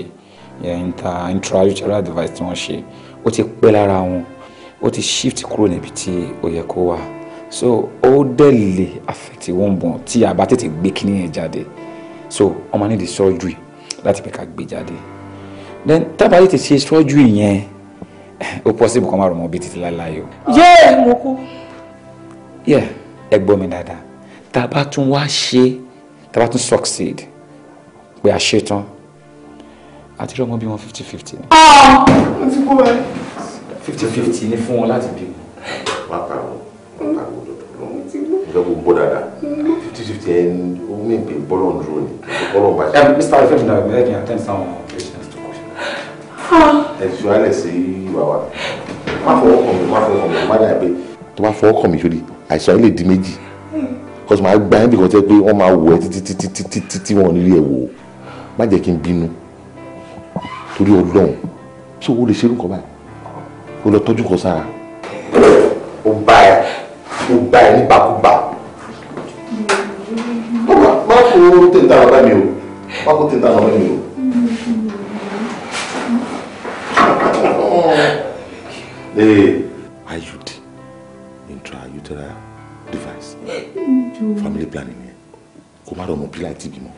intrauteral device tí wọ́n ṣe ó ti pẹ́ lára wọn ó ti shift kúrò níbi tí ó yẹ kó wà so ó dẹ̀ lè affect wọ́nbọ̀n tí a bá tètè gbé kíní yẹn jáde so ọmọ ní di surgery láti pẹ̀ka gbé jáde then tábà lè ti ṣe surgery yẹn ó possible kó má rọ̀ mọ́ bí títí láéláé o. yéé mo kú. yẹ ẹ gbọ́ mi dáadáa tá a bá tún wá ṣe tá a bá tún succeed pé a ṣe tán àti rí ọmọ bí wọn fifty fifty ni. Ah! ó ti kú bẹ́ẹ̀. fifty fifty ni fún wọn láti bímọ. má pariwo má pariwo lọ́wọ́ ìjọba gbogbo dáadáa fifty fifty ẹ̀ ń omi ìpè bọ́lọ̀ ń dúró ni bọ́lọ̀ ń bá ṣe. mr ifeanyi na ẹ kì í attend some patients to question. Ah! ẹ fi alẹ sí ìwà wa má fọwọ́ kàn mí má fọwọ́ kàn mí má dà pé. tó bá fọwọ́ kàn mí sórí àìsàn yìí lè di méjì. Hmm because màá gba yín bí kan tẹ́ pé wọ́n máa wò ẹ́ titi, titi, titi, títí wọn nílé ẹ̀ wò ó má jẹ́ kí n bínú torí ọlọ́run ṣé o lè ṣerú nǹkan báyìí o lọ tọ́jú kan sára. o bá ẹ o bá ẹ nígbàkúgbà má kó tèǹtà lọ bá mi o má kó tèǹtà lọ bá mi o. Hey, IUD, intra device family planning yẹn kó má rọmọ bí láì bímọ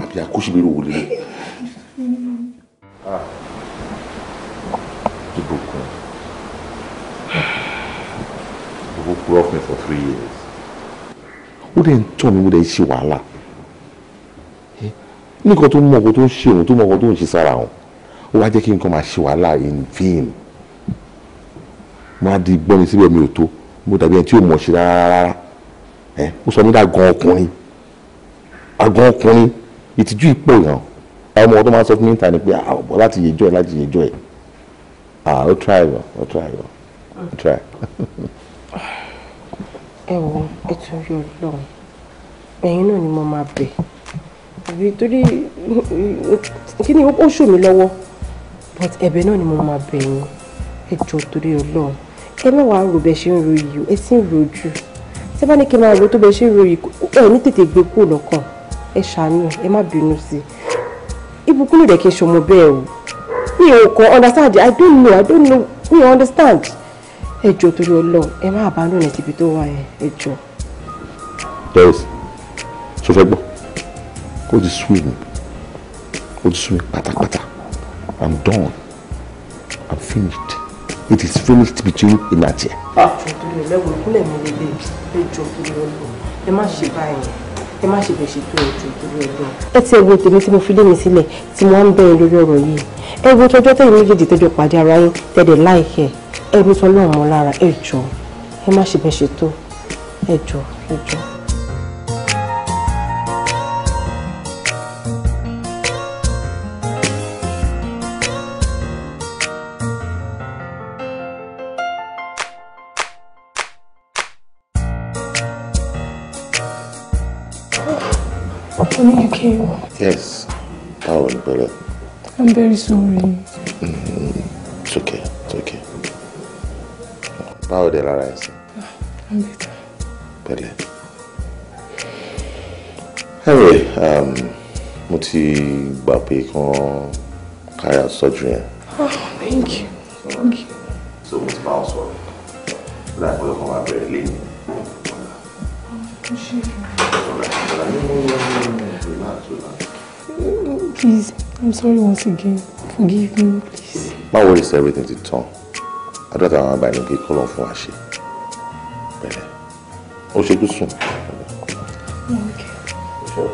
àbí akóṣìbérò wò lélẹ̀. Ibukun Ibukun off me for three years. Ó dẹ̀ ń tọ́ mi mo dẹ̀ ṣe wàhálà. Eh? Nìkan tó mọ̀ ọkọ tó ń ṣe òun tó mọ̀ ọkọ tó ń ṣe sára òun. Ó wá jẹ́ kí nǹkan máa ṣe wàhálà in vain. Mo á di gbọ́n mi síbẹ̀ mi ò tó mo dàbí ẹni tí ò mọ̀ ṣe rárá ẹ ó sọ mí dà gan ọkùnrin agan ọkùnrin ìtìjú ìpò yàn ọmọ ọdún máa ń sọ fún mi níta ni pé àbọ̀ láti yẹjọ́ ẹ láti yẹjọ́ ẹ ah ó try ọ ó try ọ ó try. ẹ wo ètò yorùbá ẹ̀yin náà ni mo máa bẹ̀ àbí torí kí ni ó ṣò mí lọ́wọ́ but ẹ̀bẹ̀ náà ni mo máa bẹ̀ yín ẹ jọ̀ọ́ torí Ọlọ́run kẹ́ má wàá rò bẹ́ẹ̀ ṣe ń ro yìí ẹ sì ń ro jù bá ní kí n máa ro tó bẹ́ẹ̀ ṣe ń ro ẹ ní tètè gbé kúrò lọ́kàn ẹ ṣàánú ẹ má bínú sí i ibùkún lè dẹ̀kẹ́ ṣọmọ bẹ́ẹ̀ o mi ò kàn understand i don't know i don't know mi ò understand ẹ jọ torí Ọlọ́run ẹ má àbánú ẹ̀ tìbí tó wà yẹn ẹ jọ. yes ṣo fẹ́ gbọ́ ó ti sú mi ó ti sú mi pátápátá i'm done i'm finished it is finished between èmi àti ah, ẹ. ìdúró lẹ́wọ̀ ìkúlẹ̀ mi lè lè lè jọ kí ló lò ẹ má ṣe báyìí ẹ má ṣe bẹ̀ ṣe tó ojú ìdúró ẹ̀dọ́. ẹ ti ẹ̀wọ̀ tèmi tí mo fi lé mi sílẹ̀ tí mo ń bẹ̀rẹ̀ lórí ọ̀rọ̀ yìí ẹ wo tọjọ́ tẹ̀yìn méjèèjì tẹjọ́ pàdé ara yín tẹ̀dẹ̀ láìkẹ́ ẹ ní tọ́lọ́run mọ́ lára ẹ jọ ẹ má ṣe bẹ̀ ṣe tó ẹ jọ ẹ jọ. Yes. Báwo ni pẹ̀lẹ́? I'm very sorry. Mm, it's okay, it's okay. Báwo de lára ẹ̀ I'm better. Pẹ̀lẹ́. Anyway, um, muti bapi gbà pé carry out surgery Oh, thank you. Thank you. So mo ti bá ọ sọ̀rọ̀. Láì pẹ́ kọ́ máa bẹ̀rẹ̀ lé mi. Ṣé. Please, I'm sorry once again. Forgive me, please. My worry is everything to tán. I don't àgbà ìlú kí kọ́ lọ fún wa ṣe. Bẹ̀rẹ̀. Ó ṣe kú sùn. Oh,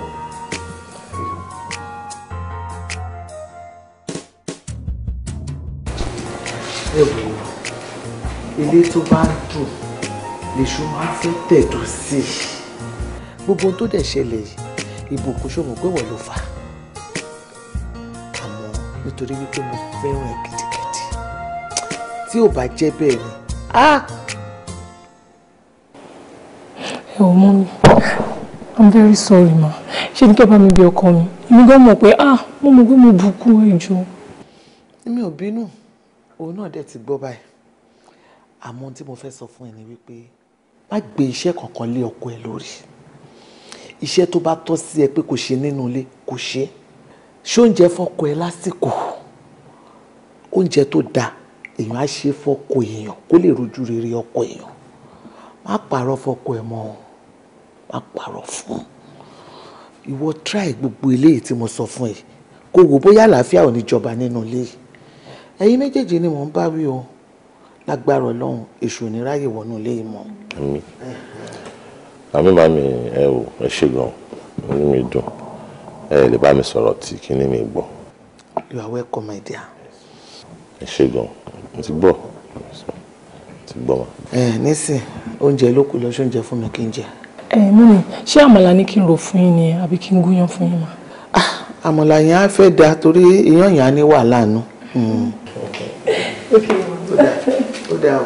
ilé tó bá ń dùn, lèṣù máa ń fẹ́ tẹ̀dó sí i. Gbogbo ohun tó dẹ̀ ṣẹlẹ̀ yìí ìbùkún ṣòwò pé wọ́n ló fà á àmọ́ nítorí wípé mo fẹ́ràn ẹ kìtìkìtì tí ò bá jẹ́ bẹ́ẹ̀ ni ẹ ò mọ mi i'm very sorry ma ṣé ní kẹ́ bá mi bí ọkọ mi èmi gan mọ̀ pé ah mo mọ̀ pé mo bùkún ẹ jọ. èmi ò bínú òun náà dẹ̀ ti gbọ́ báyìí àmọ́ ohun tí mo fẹ́ sọ fún ẹ ni wípé má gbé iṣẹ́ kankan lé ọkọ ẹ lórí iṣẹ́ tó bá tọ́ sí ẹ pé kò ṣe nínú ilé kò ṣe ṣóúnjẹ fọkọ ẹ lásìkò oúnjẹ tó da èèyàn á ṣe fọkọ èèyàn kó lè rojú rere ọkọ èèyàn má pààrọ̀ fọkọ ẹ mọ́ má pààrọ̀ fún ìwọ try gbogbo eléyìí tí mo sọ fún ẹ kó wò bóyá àlàáfíà ò ní jọba nínú ilé ẹ̀yin méjèèjì ni mò ń bá wí o lágbára Ọlọ́run èṣù ò ní ráyè wọnú ilé yìí mọ́ àmì màmí ẹ ò ẹ ṣe gan inú mi dùn ẹ lè bá mi sọ̀rọ̀ tí kíní mi gbọ́. you are welcome my dear. ẹ ṣe gan mo ti gbọ́ ti gbọ́ ma. ẹ nísìn oúnjẹ ló kù lọ́sọ̀ oúnjẹ fún mi kí n jẹ. ẹ mímì ṣé àmàlà ni kí n rò fún yín ni àbí kí n gúnyán fún yín ma. Ah, àmàlà yẹn á fẹ́ da torí iyán yẹn á ní wàhálà nù. Hmm. ó dáa ó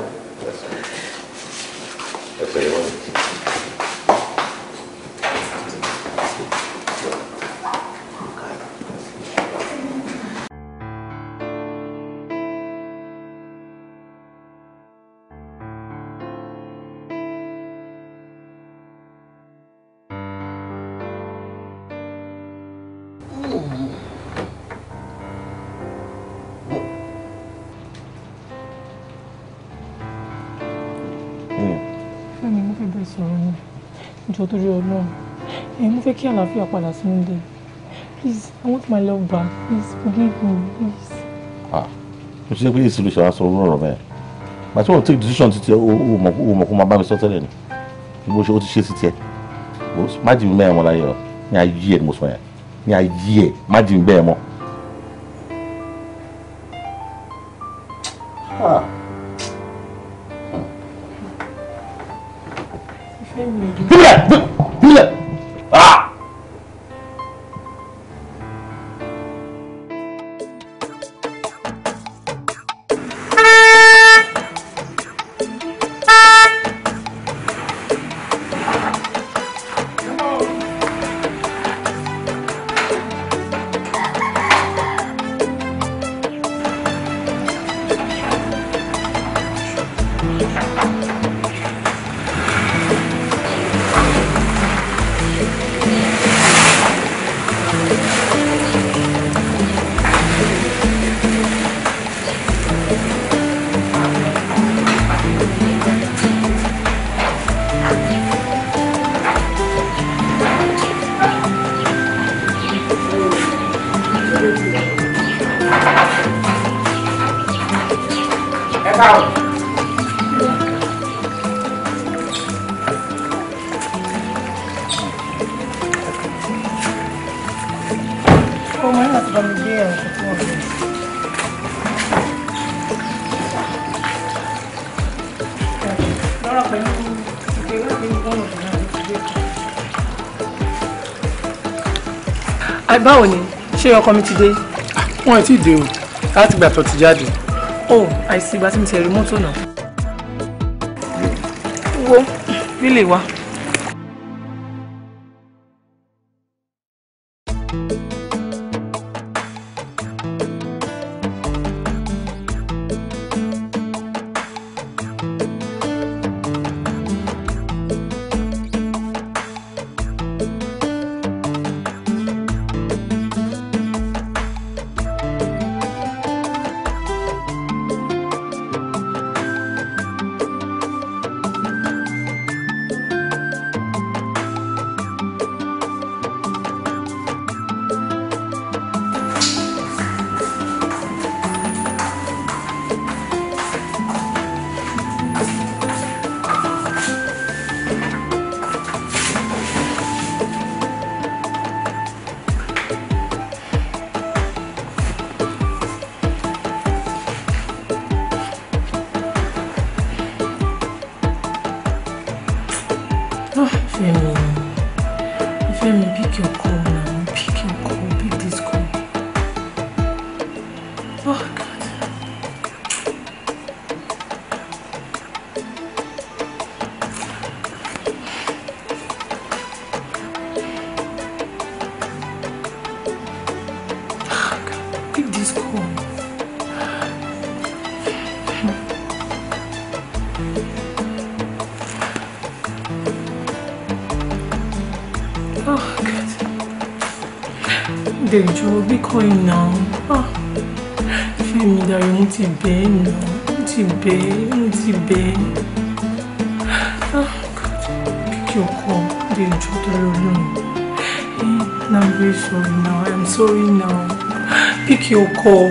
jẹ́ kí àlàáfíà padà sí oúnjẹ please I want my love back please forgive me please. ah o ṣe pé èsì ló ṣe wá sọ orú ọ̀rọ̀ bẹ́ẹ̀ màtí wọ́n take decision ti tiẹ̀ o mọ̀ kó máa bá mi sọ tẹ́lẹ̀ ni bí mo ṣe ó ti ṣe sí tiẹ̀ má jì mí bẹ́ẹ̀ mọ́ láyé ọ ní ayé ẹ̀ ni mo sọ yẹn ní ayé ẹ̀ má jì mí bẹ́ẹ̀ mọ́. ọ̀rọ̀ pẹ̀lú ìpèrè pẹ̀lú bọ́ọ̀lù náà ló ti dé. àbáwo ni ṣé ọkọ mi ti dé. Ah, wọn ò tí ì dé o láti gbà tó ti jáde. o oh, àìsí ìgbà tí mo ti rí mọ́tò náà. wo bí lè wá. bẹ̀ ẹ́ mo ti bẹ̀ ẹ́ kí ọkọ lè jọ tọrọ náà now I'm very sorry now I'm sorry now pick your call.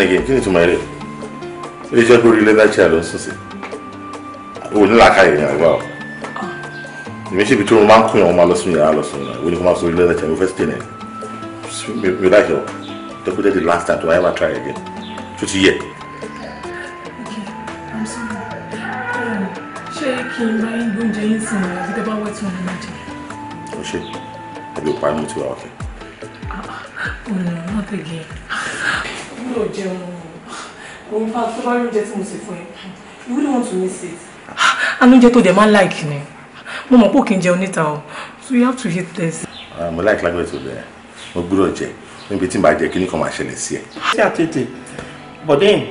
then again kí ni ìtumọ̀ ẹ̀rẹ́ ó lè jẹ́ pé orí leather chair ló ń sùn sí ò ní làákàyè ní àgbà o ìmí ṣe ibi tí wọn máa ń kún yàn wọn máa lọ sùn yàrá lọ sùn yàrá wọn ni wọn máa sọ orí leather chair mo fẹ́ stay náà mi ò the last time to I ever try again tó ti Okay, I'm sorry. Um, n bá yín gbóúnjẹ yín sìn àbí tẹ bá wẹ̀ tí wọn máa jẹ. ó ṣe ẹbí ò parí mo ti wá ọkẹ. in fact tó bá rí oúnjẹ tí mo sè you wouldn't want to miss it. Ah, àánú oúnjẹ tó dẹ̀ máa ń like ni mo mọ̀ pé kì í jẹun níta o so you have to eat this. Ah, mo láì kílágbẹ́ tó bẹ̀rẹ̀ mo gbúdọ̀ jẹ níbi tí n bá jẹ kí nìkan máa ṣẹlẹ̀ sí ẹ. ṣé àtètè bọ̀dé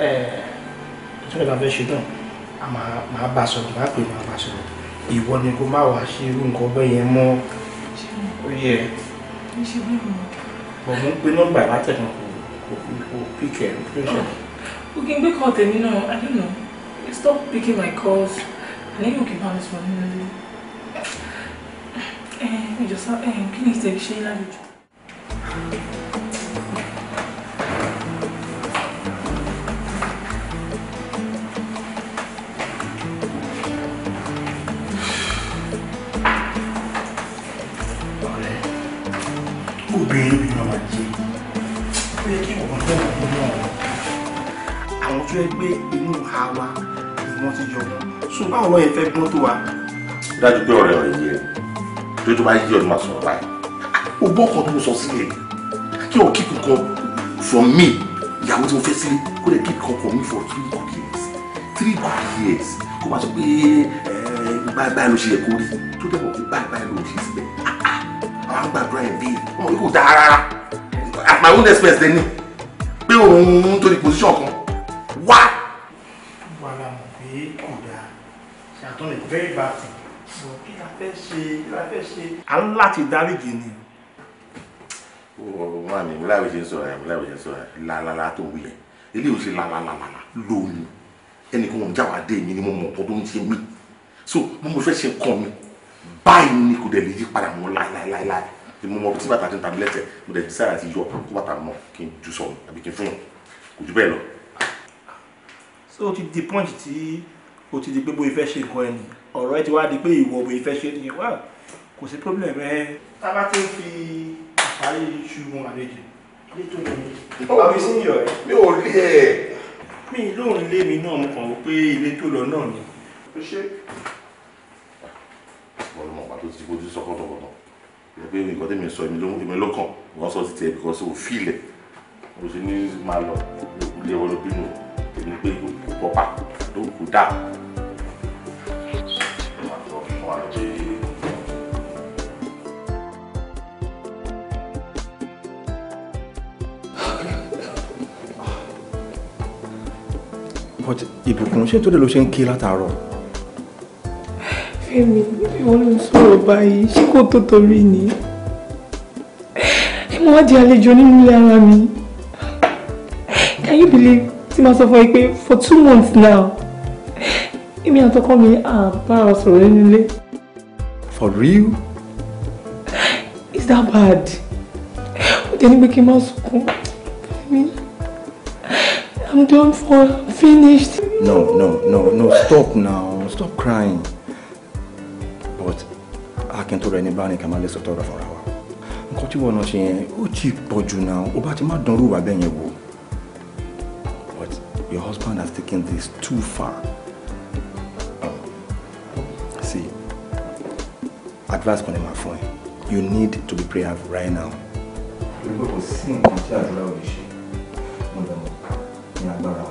ìtọ́jú bá fẹ́ ṣe náà màá bá sọ̀rọ̀ màá pè màá bá sọ̀rọ̀ ìwọ ni kó má wàá ṣe irú nǹkan bẹ́ẹ̀ yẹn mọ́ ó yẹ bọ̀ mo ń pe nọ́mbà látẹ̀kàn kò kò kò píkẹ́ ló ṣẹlẹ̀ o kì í gbé call tèmi náà I don't know stop picking my calls I lẹ́yìn òkè bá mi sọ nínú Just ìjọsán eh, kí ni ìtẹ̀ ṣe lálejò. obìnrin ló máa jẹ ó yẹ kí ìwọ̀n tó wà my ọ̀rọ̀ àwọn tó yẹ inú ha ni wọ́n ti yọ wọn so báwo yẹn fẹ́ gbọ́n tó wa. dájú pé ọ̀rẹ́ ọ̀rẹ́ yìí tó tó bá yí ọdún máa sọ̀rọ̀ báyìí o bọ́ ọkọ̀ tó sọ sílẹ̀ kí o kí kankan from me ìyàwó tí mo fẹ́ sílé kó lè kí kankan from for three good years three good years kó máa sọ pé eh, báyìí báyìí ló ṣe yẹ kó rí tó dẹ̀ wọ́n pé báyìí báyìí ló ṣe síbẹ̀ ah, ah. àwọn gbàdúrà ẹ̀ bíi ọmọ yìí kò dáa my own expense dẹ́ni pé òun torí position kan done a very bad thing but kí la fẹ́ ṣe kí la fẹ́ ṣe. a ń láti dáríjì ni. wọ́n wà ní láì ṣe ń sọ̀rọ̀ ẹ̀ láì ṣe ń sọ̀rọ̀ ẹ̀ lálálá tó wù yẹn ilé ìwòsàn lálálálá lónìí ẹnìkan òun jáwá dé mi ni mo mọ̀ ọ́ tó ń ṣe mí so mo mọ̀ fẹ́ ṣe kàn mí báyìí ni kò dẹ̀ lè yí padà mọ́ láíláíláí mo mọ̀ tí bàtà ti ń tàbí lẹ́sẹ̀ mo dẹ̀ sára ti yọ kó bàtà mọ̀ kí n ju sọ̀rọ̀ àbí kí n fún yàn kò jù bẹ́ẹ̀ lọ. so o ti di point Ti ó ti di pé bóyá ìfẹ́ ṣe nǹkan ẹni ọ̀rọ̀ ẹ ti wá di pé ìwọ bóyá ìfẹ́ ṣe ni wá kò sí problem ẹ. tábà tí ń fi àparí iṣu wọn àlejò nítorí ìpàwé mi sí yọ ẹ. mi ò lé ẹ. mi lóun lé mi náà mo kàn wọ pé ilé tó lọ náà ni. ó ṣe. wọ́n ló mọ̀ pàtó ti bójú sọ kọ́tọ̀kọ́tọ̀ ẹ pé nǹkan tẹ́mi sọ èmi ló kàn wọ́n sọ ti tẹ̀ ẹ́ bíkọ́ sí òfìlẹ̀ mo ṣe ní máa lọ ilé wọn ló bínú tèmi pé kò bọ́ pa tó kù dà. but ìbùkún ṣé tó dé ló ṣe ń ké látàárọ̀. Fẹ́mi ìwọ ló ń sọ̀rọ̀ báyìí ṣé kò tó torí ni ẹ mọ wá di àlejò nínú ilé ara mi can you believe tí màá sọ fún ẹ pé for two months now èmi àtọkọ mi à bára sọ̀rọ̀ nínú ilé. for real. is that bad? ó jẹ́ nígbà kí n máa sunkún mi i'm done for i'm finished. no no no no stop now stop crying but akíntó rẹ ní báyìí ká má lè sọtọrọ fúnra wa nǹkan tí wọn náà ṣe yẹn ó ti pọ̀ jù náà ó bá ti má dánrú wà bẹ́ẹ̀ yẹn wò. Your husband has taken this too far. Um, see, advice on my phone. You need to be prayerful right now. Gbogbo kò sí nǹkan tí àdúrà ò lè ṣe. Mo lọ ní agbára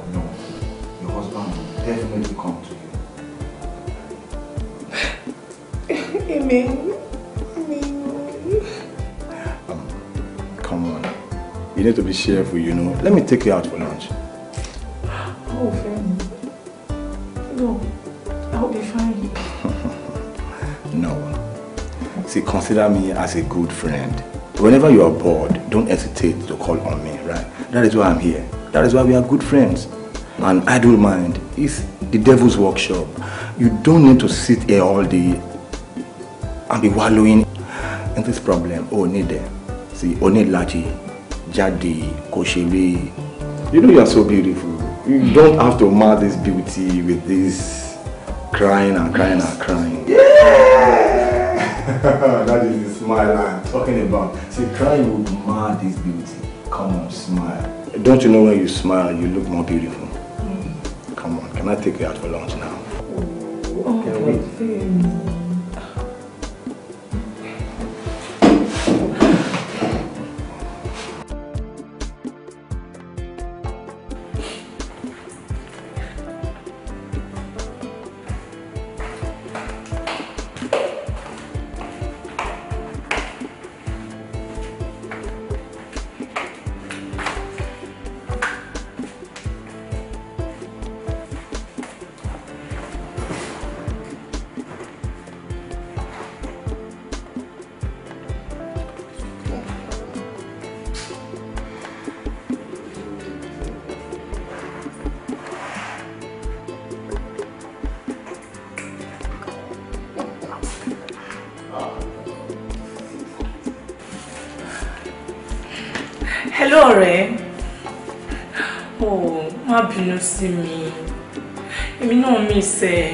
Your husband will definitely come to you. Amen. Amen. Um, come on. You need to be cheerful, you know. Let me take you out for lunch. consider me as a good friend. Whenever you are bored, don't hesitate to call on me, right? That is why I'm here. That is why we are good friends. An idle mind is the devil's workshop. You don't need to sit here all day and be wallowing in this problem. Oh, need them. See, only jáde, jadi, koshiri. You know you are so beautiful. You don't have to mar this beauty with this crying and crying and crying. Yeah! that is the smile I'm talking about. See, crying would mar this beauty. Come on, smile. Don't you know when you smile, you look more beautiful? Mm. Come on, can I take you out for lunch now? Oh, can we? Hello ọ̀rẹ́. Oh, má bínú sí mi. Èmi náà mi ìsẹ̀.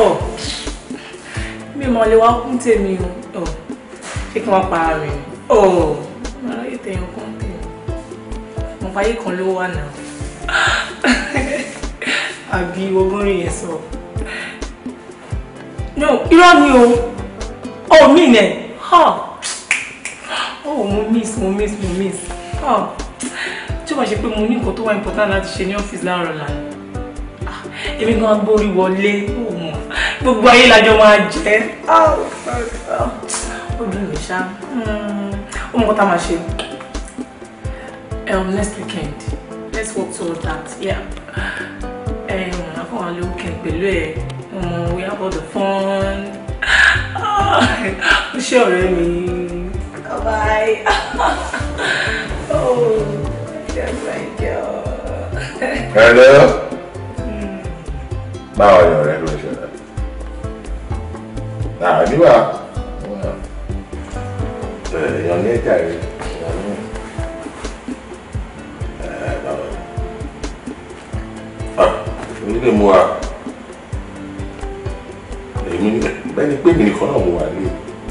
Oh, mi mọ̀ lè wá kún tèmi o. Oh, ṣé kí wọ́n pa ara mi? Oh, mo ráyè tẹ̀yìn kún tèmi. Mo fàyè kan ló wà náà. Àbí ogún rìn yẹn sọ. No, irọ́ ni o. Oh, mi nẹ̀. wow tí ó bá ṣe pé mo ní nǹkan tó wá important láti ṣe ní ọ́fíìsì láàárọ̀ là ah, èmi gan gbórí wọlé òun oh, gbogbo ayé lájọ máa jẹ ó dùn mí ṣá hmm, ó mọ kó tá a máa ṣe um, next weekend let's work toward that yeah ẹ̀hún àfọwọ́n lókè pẹ̀lú ẹ̀ ọmọ um, we have all the fun ó ah, ṣe ọ̀rẹ́ mi bye bye. Oh, yes, thank you. Hello? Hmm. Báwo ni ọ̀rẹ́ ló ṣe rẹ̀? Náà ah, níwà. Èèyàn ní ìjà rẹ̀. Onílé mu wa. Èmi bẹ́ẹ̀ ni pé mi nìkan náà mu wà ní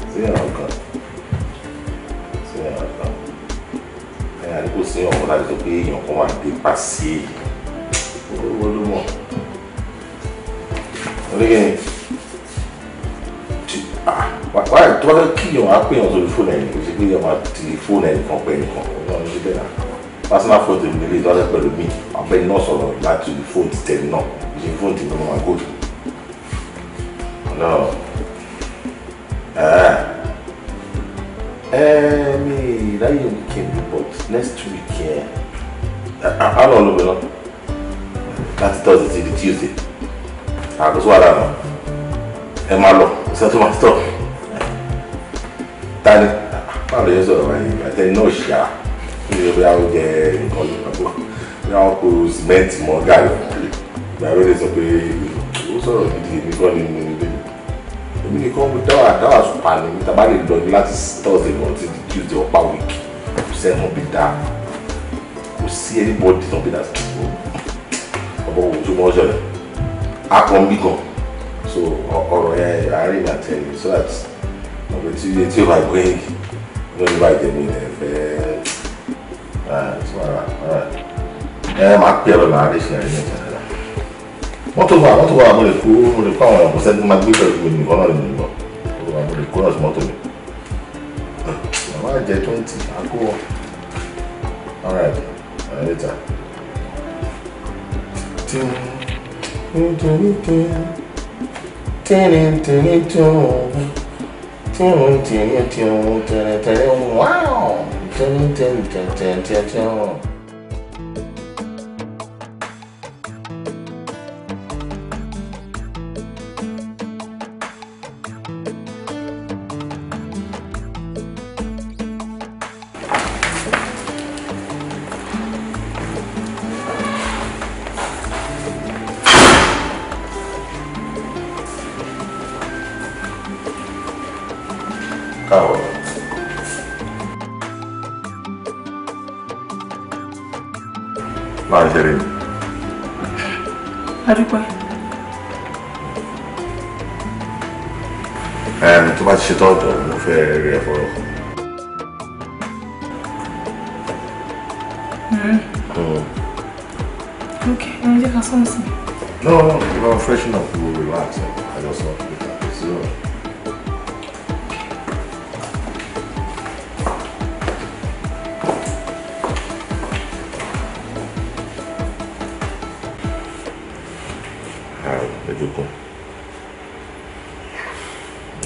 ìsìn àwọn kan. kò sí ọ̀hún láti sọ pé èèyàn kan wà pépà sí owó ló mọ̀ oníkẹ́yìn wáyé tó bá fẹ́ kí èèyàn á pè èèyàn sórí fóònù ẹ̀yìn kò sí pé èèyàn máa ti fóònù ẹ̀yìn kan pẹ̀ nìkan ọ̀hún ló dé náà personal phone tèmi lè tó bá pẹ̀lú mi àbẹ́ni náà sọ̀rọ̀ láti fóònù tèmi náà ìṣe fóònù tèmi náà máa gòkè. No. Uh, mi láyé weekend but next week ẹ á lọ lọ bẹ̀rẹ̀ láti thursday ti di tuesday àkóso wàrà nà ẹ máa lọ sẹ́tọ́ máa tọ̀ tani máa lọ yẹn sọ̀rọ̀ báyìí àtẹni náà ṣá níbi bí àwọn jẹ nǹkan yìí pàtó bí àwọn kò sìmẹ́ǹtì mọ́ gàrí ìgbà ló lè sọ pé ó sọ̀rọ̀ gidi nìkan ni èmi nìkan mo dáwà dáwà sùpà ni mi tàbá lè lọ ní láti thursday lọ sí di tuesday ọ̀pá week kò sẹ́yìn mọ́ bí dá kò sí anybody náà bí dá sí ọ̀pọ̀ òwò tó mọ́ ṣọlẹ̀ akọ̀ mi gan so ọ̀rọ̀ yẹn àárín ìgbà tẹ̀lé so that ọ̀pẹ tí ilé tí ó bá gbé lórí bàjẹ́ mi lè fẹ́ ẹ̀ ẹ̀ máa pẹ́ ọ̀rọ̀ láàárín ìṣẹ̀lẹ̀ yẹn jẹ́ mọ́tò wa mọ́tò wa mo lè kó mo lè kó àwọn ọ̀pọ̀ sẹ́ni máa gbé pẹ̀lú mi nìkan náà nìyí wọn mọ́tò wa mo lè kó náà sí mọ́tò mi. màmá jẹ twenty àgó wọn. all right all right later. tìrín tìrín tìrín tìrín tìrín tìrín tìrín tìrín wow tìrín tìrín tìrín tìrín tìrín.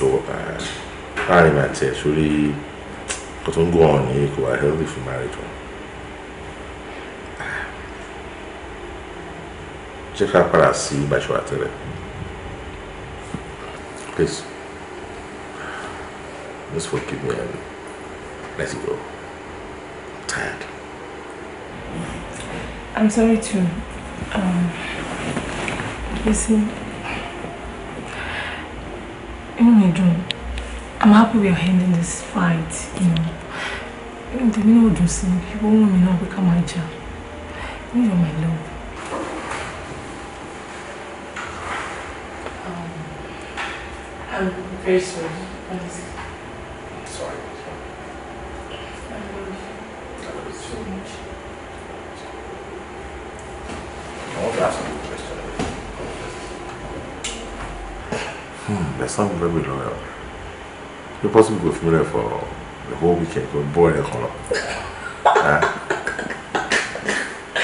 lọ́wọ́ báyìí eh, láàrin máa tiẹ̀ sórí kò tó ń gò hàn healthy for marriage wọn. jẹ́ ká padà sí ìbáṣọ àtẹ̀rẹ̀ please just forgive me and let it go. I'm tired. I'm sorry too. Um, you inú mi dùn i'm happy we are ending this fight you know inú tèmi náà dùn sí mi kí wọ́n mú mi náà pé ká máa you know, my love. Um, I'm very sorry. Sam very loyal. You possibly go for me for the whole weekend, go boy and call up.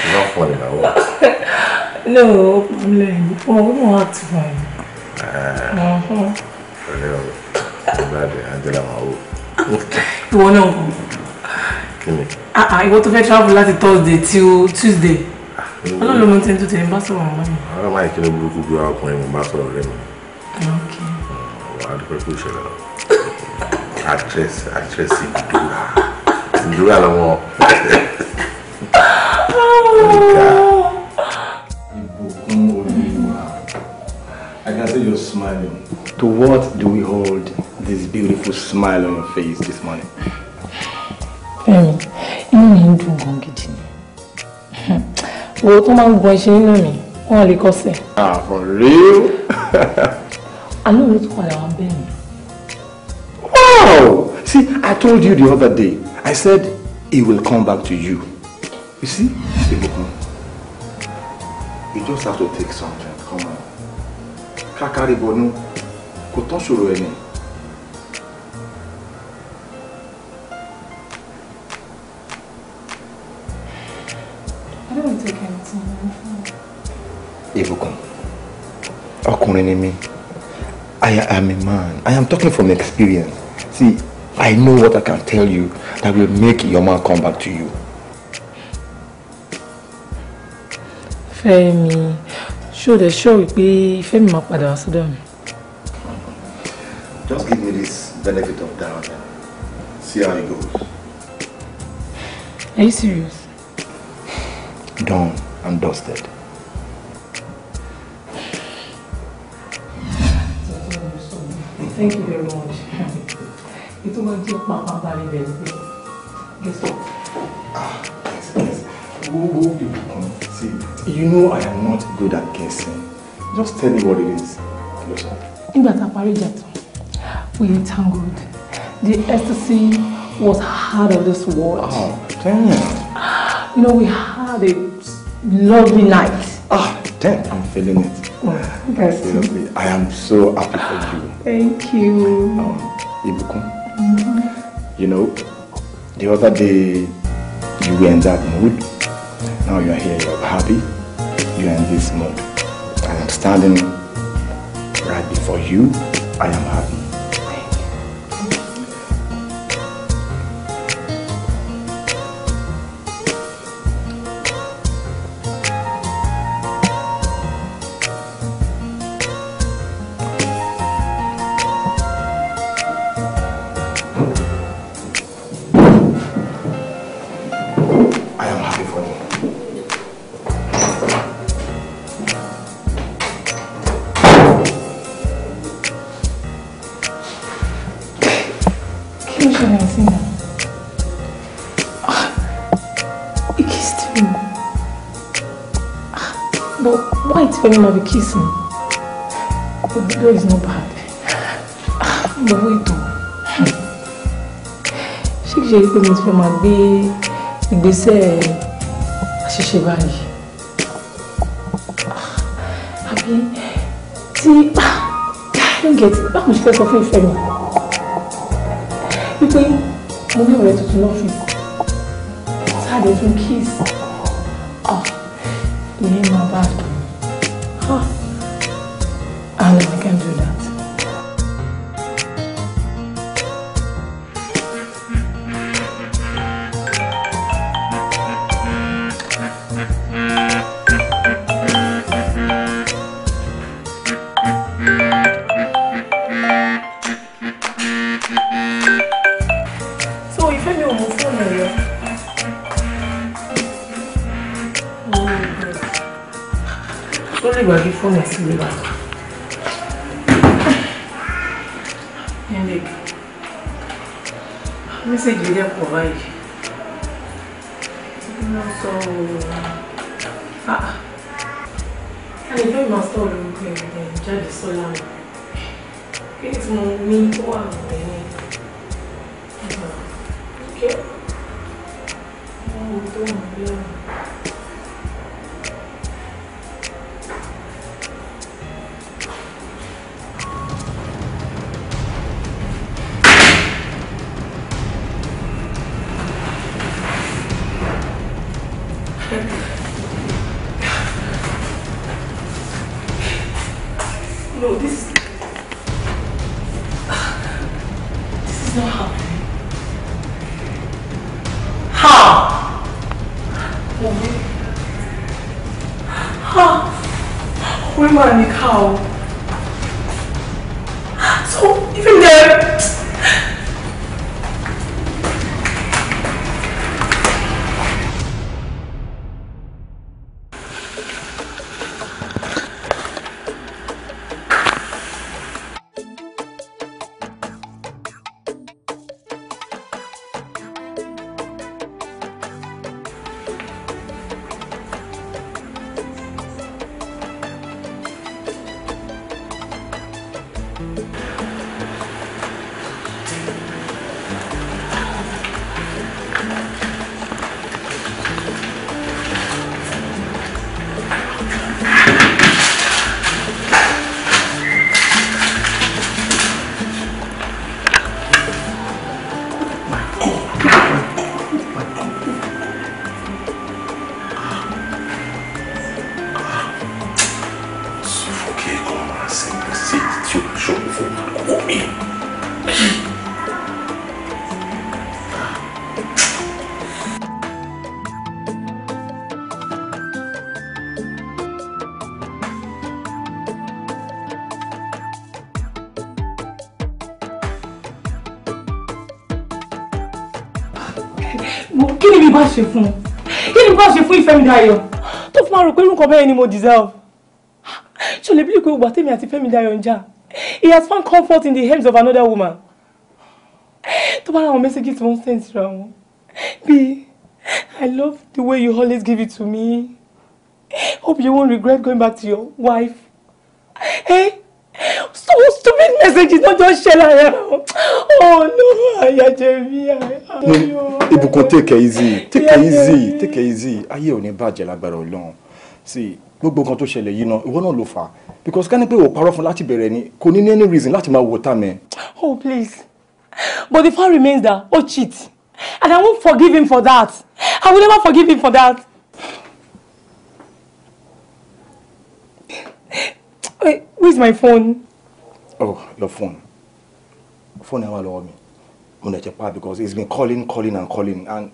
Not funny now. No, problem. Oh, we don't have to find. Ah. Uh-huh. Angela Mao. Ìwọ náà kò. Kí ni? Ah, ah, ìwọ tó fẹ́ travel láti Thursday till Tuesday. Ah, Ọlọ́run ló mọ̀ tí ń tó tẹ̀lé bá I àwọn ọmọ mi. to máa ń kí ni burúkú bí wàá ọkùnrin mo bá sọ̀rọ̀ rẹ̀ mi pé kó ṣẹlẹ̀ lọ. actress actress ìdúrà ìdúrà lọ́wọ́. ìbùkún To what do we hold this beautiful smile on your face this morning? Fẹ́mi, inú mi ń dùn gan gidi ni. Wo tó máa ń gbọ́ iṣẹ́ nínú mi, wọ́n lè kọ́sẹ̀. Ah, for real? Àlọ́ mi tó padà wá bẹ́ẹ̀ I told you the other day. I said he will come back to you. You see? Ibukun, you just have to take something. Come on. Kákárí bọnú, kò tán ṣòro ẹni. I don't take anything. Ibukun, ọkùnrin ni mi. I am a man. I am talking from experience. See, I know what I can tell you that will make your man come back to you. Fẹ́mi, ṣó dẹ̀ ṣọ́ wípé Fẹ́mi máa padà wá sọ́dọ̀ mi. Just give me this benefit of doubt and see how it goes. Are you serious? Done and dusted. Thank you very much ètò máa jẹ́ pàápàá balẹ̀ Ah, pé gẹ́sọ̀. Who who you come see you know I am not good at guessing just tell me what it is. Nígbà tá a parí we entangled. The ecstasy was hard of this world. Oh, ah, damn. You know, we had a lovely night. Ah, damn, I'm feeling it. Oh, Seriously, I am so happy for you. Thank you. Um, Ibukun. You know, the other day you were in that mood. Now you're here, you're happy. You're in this mood. And I'm standing right before you. I am happy. love you, kiss me. But the girl is not bad. Mo wo ìtàn. Ṣé kìí ṣe pé mo ti fẹ́ máa gbé ìgbésẹ̀ àṣìṣe báyìí? Àbí tí ǹgẹ̀tì báwo ṣe fẹ́ to fún ìfẹ́ mi? Wípé mo ní ọ̀rẹ́ tuntun náà fi sáà dé kiss. Oh, máa bá a dùn. ṣe fún un kí ni nǹkan ṣe fún ìfẹ́mi dayọ̀. tó fún wa rò pé irú nǹkan bẹ́ẹ̀ ni mo deserve ṣò lè bílí pé ògbà tèmi àti fẹ́mi dayọ̀ ń jà he has found comfort in the hands of another woman tó bá ra àwọn mẹ́sẹ̀gì tí wọ́n ń sẹ́ǹtì ra wọn bíi I love the way you always give it to me hope you won't regret going back to your wife. Hey, so stupid messages lọ́jọ́ ṣẹlẹ̀ àyà oh no àyà jẹ̀bi àyà. Ìbùkún take it easy take it easy take it easy ayé ò ní bàjẹ́ lágbára Ọlọ́run See, gbogbo nǹkan tó ṣẹlẹ̀ yìí náà ìwọ náà ló fà á because ká ní pé ò parọ́ fún láti ni kò ní any reason Lati ma wò tá mẹ́. oh please but the fact remains that o cheat and I won't forgive him for that I will never forgive him for that. Wait, where's my phone? Oh, your phone. Phone ẹ wà lọ́wọ́ mi. Mo nẹ̀ ti pa because he's been calling, calling and calling and.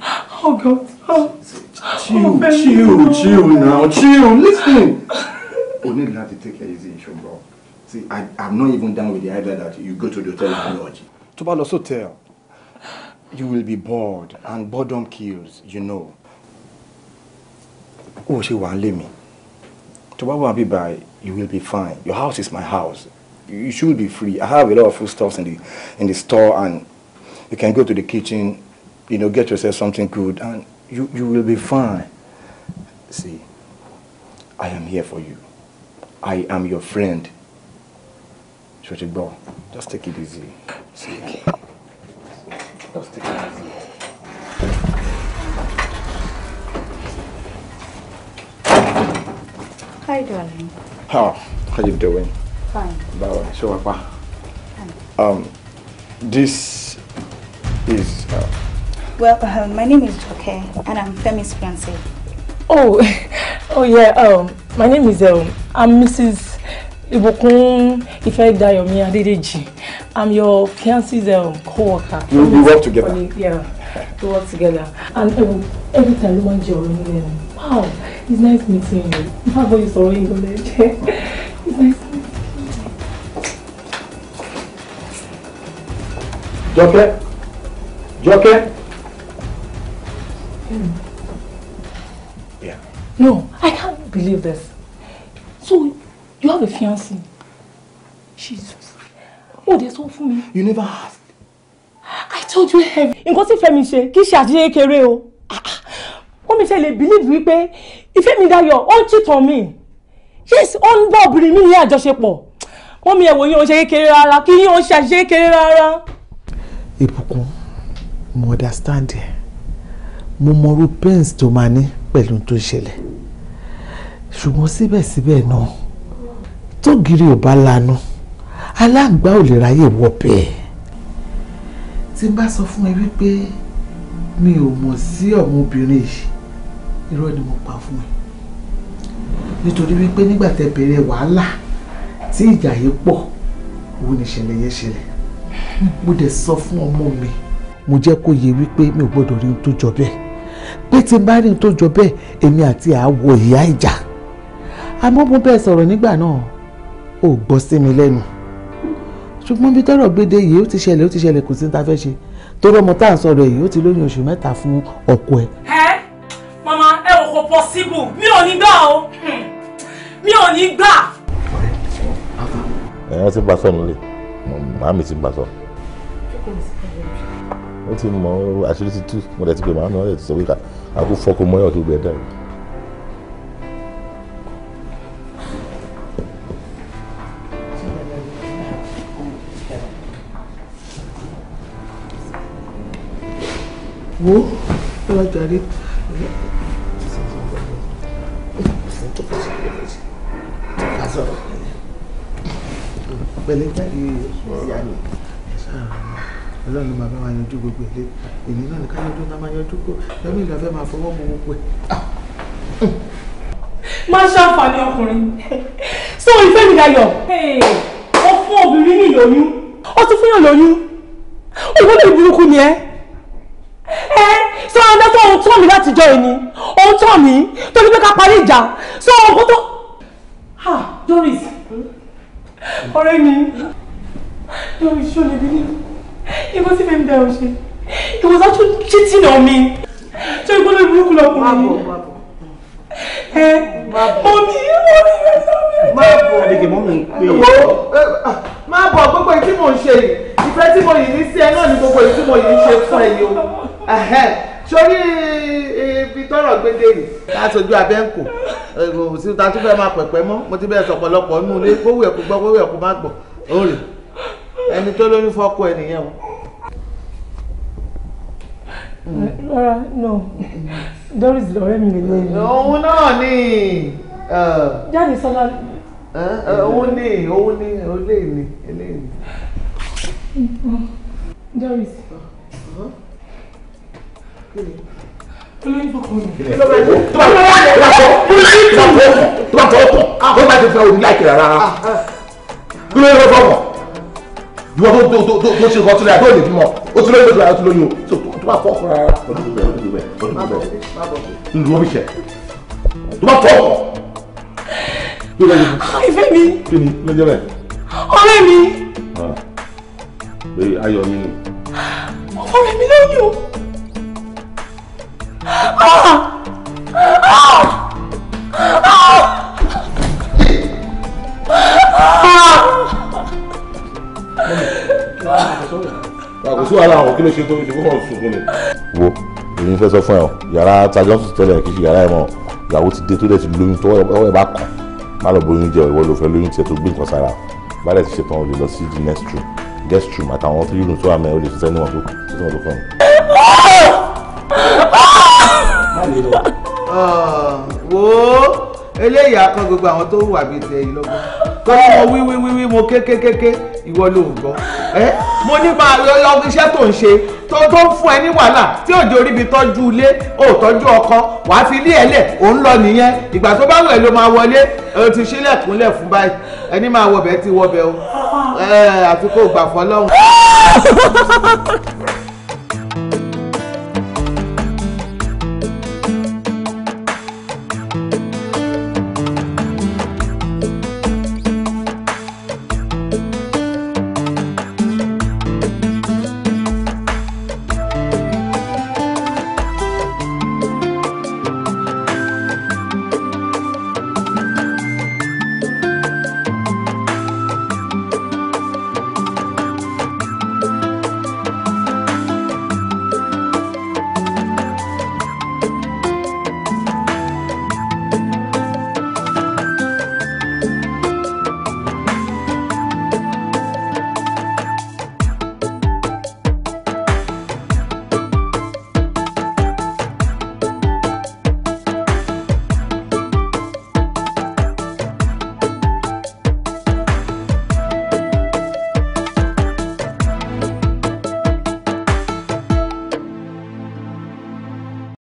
Oh God. Oh. Chill, oh, baby. chill, chill oh. now, chill. Listen. We need to take it easy, bro. See, I, I'm not even done with the idea that you go to the hotel and lodge. To bá lọ sọ́tẹ̀, you will be bored and boredom kills, you know. Oh, she won't leave me tó bá you will be fine your house is my house you should be free i have a lot of foodstuffs in the in the store and you can go to the kitchen you know get yourself something good and you you will be fine see i am here for you i am your friend ṣòṣìgbọ́ just take it easy see just take it easy. Hi, darling. How? How you doing? Fine. Bye. So, Papa. Um, this is. Uh, well, uh, my name is Joke, and I'm Femi's fiance. Oh, oh yeah. Um, my name is um, I'm Mrs. Ibokun Ifedayomi Adedeji. I'm your fiance's um, co-worker. You, you work together. Yeah, we work together, and um, every time you want your own. Wow, it's nice meeting you. Báwo ni sọ̀rọ̀ yìí lọ́lẹ̀ jẹ́? It's nice meeting you. Joker, Joker. Hmm. Yeah. No, I can't believe this. So you have a fiancé? Jesus. Oh, dé sọ fún mi. You never asked. I told you heavy. In tí Fẹ́mi ṣe kì í ṣe àṣeyékeré mi ṣe lè believe wípé Ìfẹ́midayọ̀ ó ń cheat on mi yes ó ń bá obìnrin mi ní àjọṣepọ̀ wọ́n mi ẹ̀wò yín ó ṣe kékeré rárá kí yín ó ṣe àṣe kékeré rárá. ìbùkún mo understand ẹ mo mọrú pains tó máa ní pẹ̀lú tó ṣẹlẹ̀ ṣùgbọ́n síbẹ̀síbẹ̀ náà tógìrì ò bá lanu aláǹgbá ò lè ráyè wọ̀bẹ̀ tí n bá sọ fún ẹ wípé mi ò mọ̀ sí ọmọbìnrin yìí irọ́ ni mo pa fún ẹ nítorí wípé nígbà tẹ bẹ̀rẹ̀ wàhálà tí ìjà yìí pọ̀ òun ni ìṣẹ̀lẹ̀ yẹn ṣẹlẹ̀ mo dẹ̀ sọ fún ọmọ mi mo jẹ́ kó yé wípé mi ò gbọ́dọ̀ rí ohun tó jọ bẹ́ẹ̀ pé tí n bá rí ohun tó jọ bẹ́ẹ̀ èmi àti àwọ̀ ìyá ìjà àmọ́ mo bẹ́ẹ̀ sọ̀rọ̀ nígbà náà ò gbọ́ sí mi lẹ́nu ṣùgbọ́n bí tọ́rọ̀ gbédè yìí ó ti ṣẹlẹ̀ ó ti ṣẹlẹ̀ kò sí ní ta fẹ́ ṣe torí ọmọ tá à ń sọ̀rọ̀ yìí ó ti lóyún oṣù mẹ́ta fún ọkọ ẹ̀ possible mi ò ní gbà o hmm. mi ò ní gbà. ẹ̀yàn ti gbà sọ̀nù lè màámi ti gbà sọ̀nù. ó ti mọ àṣírí ti tú mo dẹ̀ ti pè màámi ọ̀rẹ́ ti sọ wíkà àkú fọ́kù mọ́yọ̀ tó gbẹ dẹ́rù. wo ọlọ́jà rí pẹ̀lẹ́ jáde ìyá mi ọlọ́run máa bá wa yanjú gbogbo ilé èmi náà ní ká yanjú náà máa yanjú kó lẹ́mí ìlọ́fẹ́ máa fọwọ́ mú gbogbo ẹ̀. máa ṣàǹfààní ọkùnrin so ìfẹ́ mi dayọ̀ ó fún obìnrin ní ìlóyún ó tún fúnyàn lóyún òwò lè burúkú ni ẹ ẹ sọ ọdẹ fún ohun tán mi láti jọ ẹni ohun tán mi tó ní pé ká parí ìjà sọ ọgbọ́n tó. Doris ọ̀rẹ́ mi yóò ṣó lè bí nínú ìwọ tí fẹ́mi dáhùn ṣe he was actually cheating on me ṣé ìgbọ́n lórí burúkú lọkùnrin ẹ mọ mi má bọ̀ àdìgẹ mọ́ mi pé ah, má bọ̀ gbogbo èyí tí mò ń ṣe yìí ìfẹ́ tí mo yìí ní sí ẹ náà ni gbogbo èyí tí mo yìí ń ṣe fún ẹ yìí o sórí ibi tọrọ gbédè rè láṣojú abẹ́ǹkò kò sí ta tún fẹ́ máa pẹ̀pẹ́ mọ́ mo ti bẹ́ẹ̀ sọ ọ̀pọ̀lọpọ̀ nínú ilé kówó ẹ̀kú gbọ́ kówó ẹ̀kú má gbọ́ òòrè ẹni tó lóyún fọ́kọ ẹ̀ o. rárá no Doris lọ́rẹ́ mi lè lóyún. òun náà ni. jáde sọlá. òun ni òun ni olè ni eléyìí. Doris ìwọ tó tó tó tó ṣe kọtulẹ àti olè bímọ o ti lóyún o ti lóyún o tó bá fọ ọkọ rárá ọdún tó bẹ ọdún tó bẹ ọdún tó bẹ ǹdùnú omi ṣẹ tó bá fọ ọkọ. ìfẹ́ mi kí ni ló jẹ́ bẹ́ẹ̀. ọ̀rẹ́ mi. ayọ̀ mi ni. ọ̀rẹ́ mi lóyún. Ah, kò wo èmi fẹ́ sọ fún ẹ o yàrá tajọ́ sì tẹ́lẹ̀ kì í ṣe yàrá ẹ mọ́ ìyàwó ti dé tó dẹ̀ ti lóyún tó ọwọ́ ẹ bá kàn má lọ bóyún jẹ ìwọ ló fẹ́ lóyún tiẹ̀ tó gbé nǹkan sára balẹ̀ ti ṣetán o lè lọ sí the next room guest room àtàwọn three rooms tó wà o lè ṣiṣẹ́ níwọ̀n tó ṣiṣẹ́ níwọ̀n tó fẹ́ mi. Ah, wo eléyìí akọ gbogbo àwọn tó wà bíi tẹ yìí lọ́gbọ́n kó mo wí wí wí wí mo kékékéké ìwọ ló ń gbọ́ ẹ mo ní bá lọ iṣẹ́ tó ń ṣe tó tó ń fún ẹ ní wàhálà tí òjò oríbi tọ́jú ilé ò tọ́jú ọkọ wàá fi ilé ẹ lẹ̀ ò ń lọ nìyẹn ìgbà tó bá wẹ̀ ló máa wọlé ẹ ti ṣílẹ̀kùnlẹ̀ fún báyìí ẹni máa wọbẹ̀ ti wọbẹ̀ o àti kó gbà fọlọ́hún.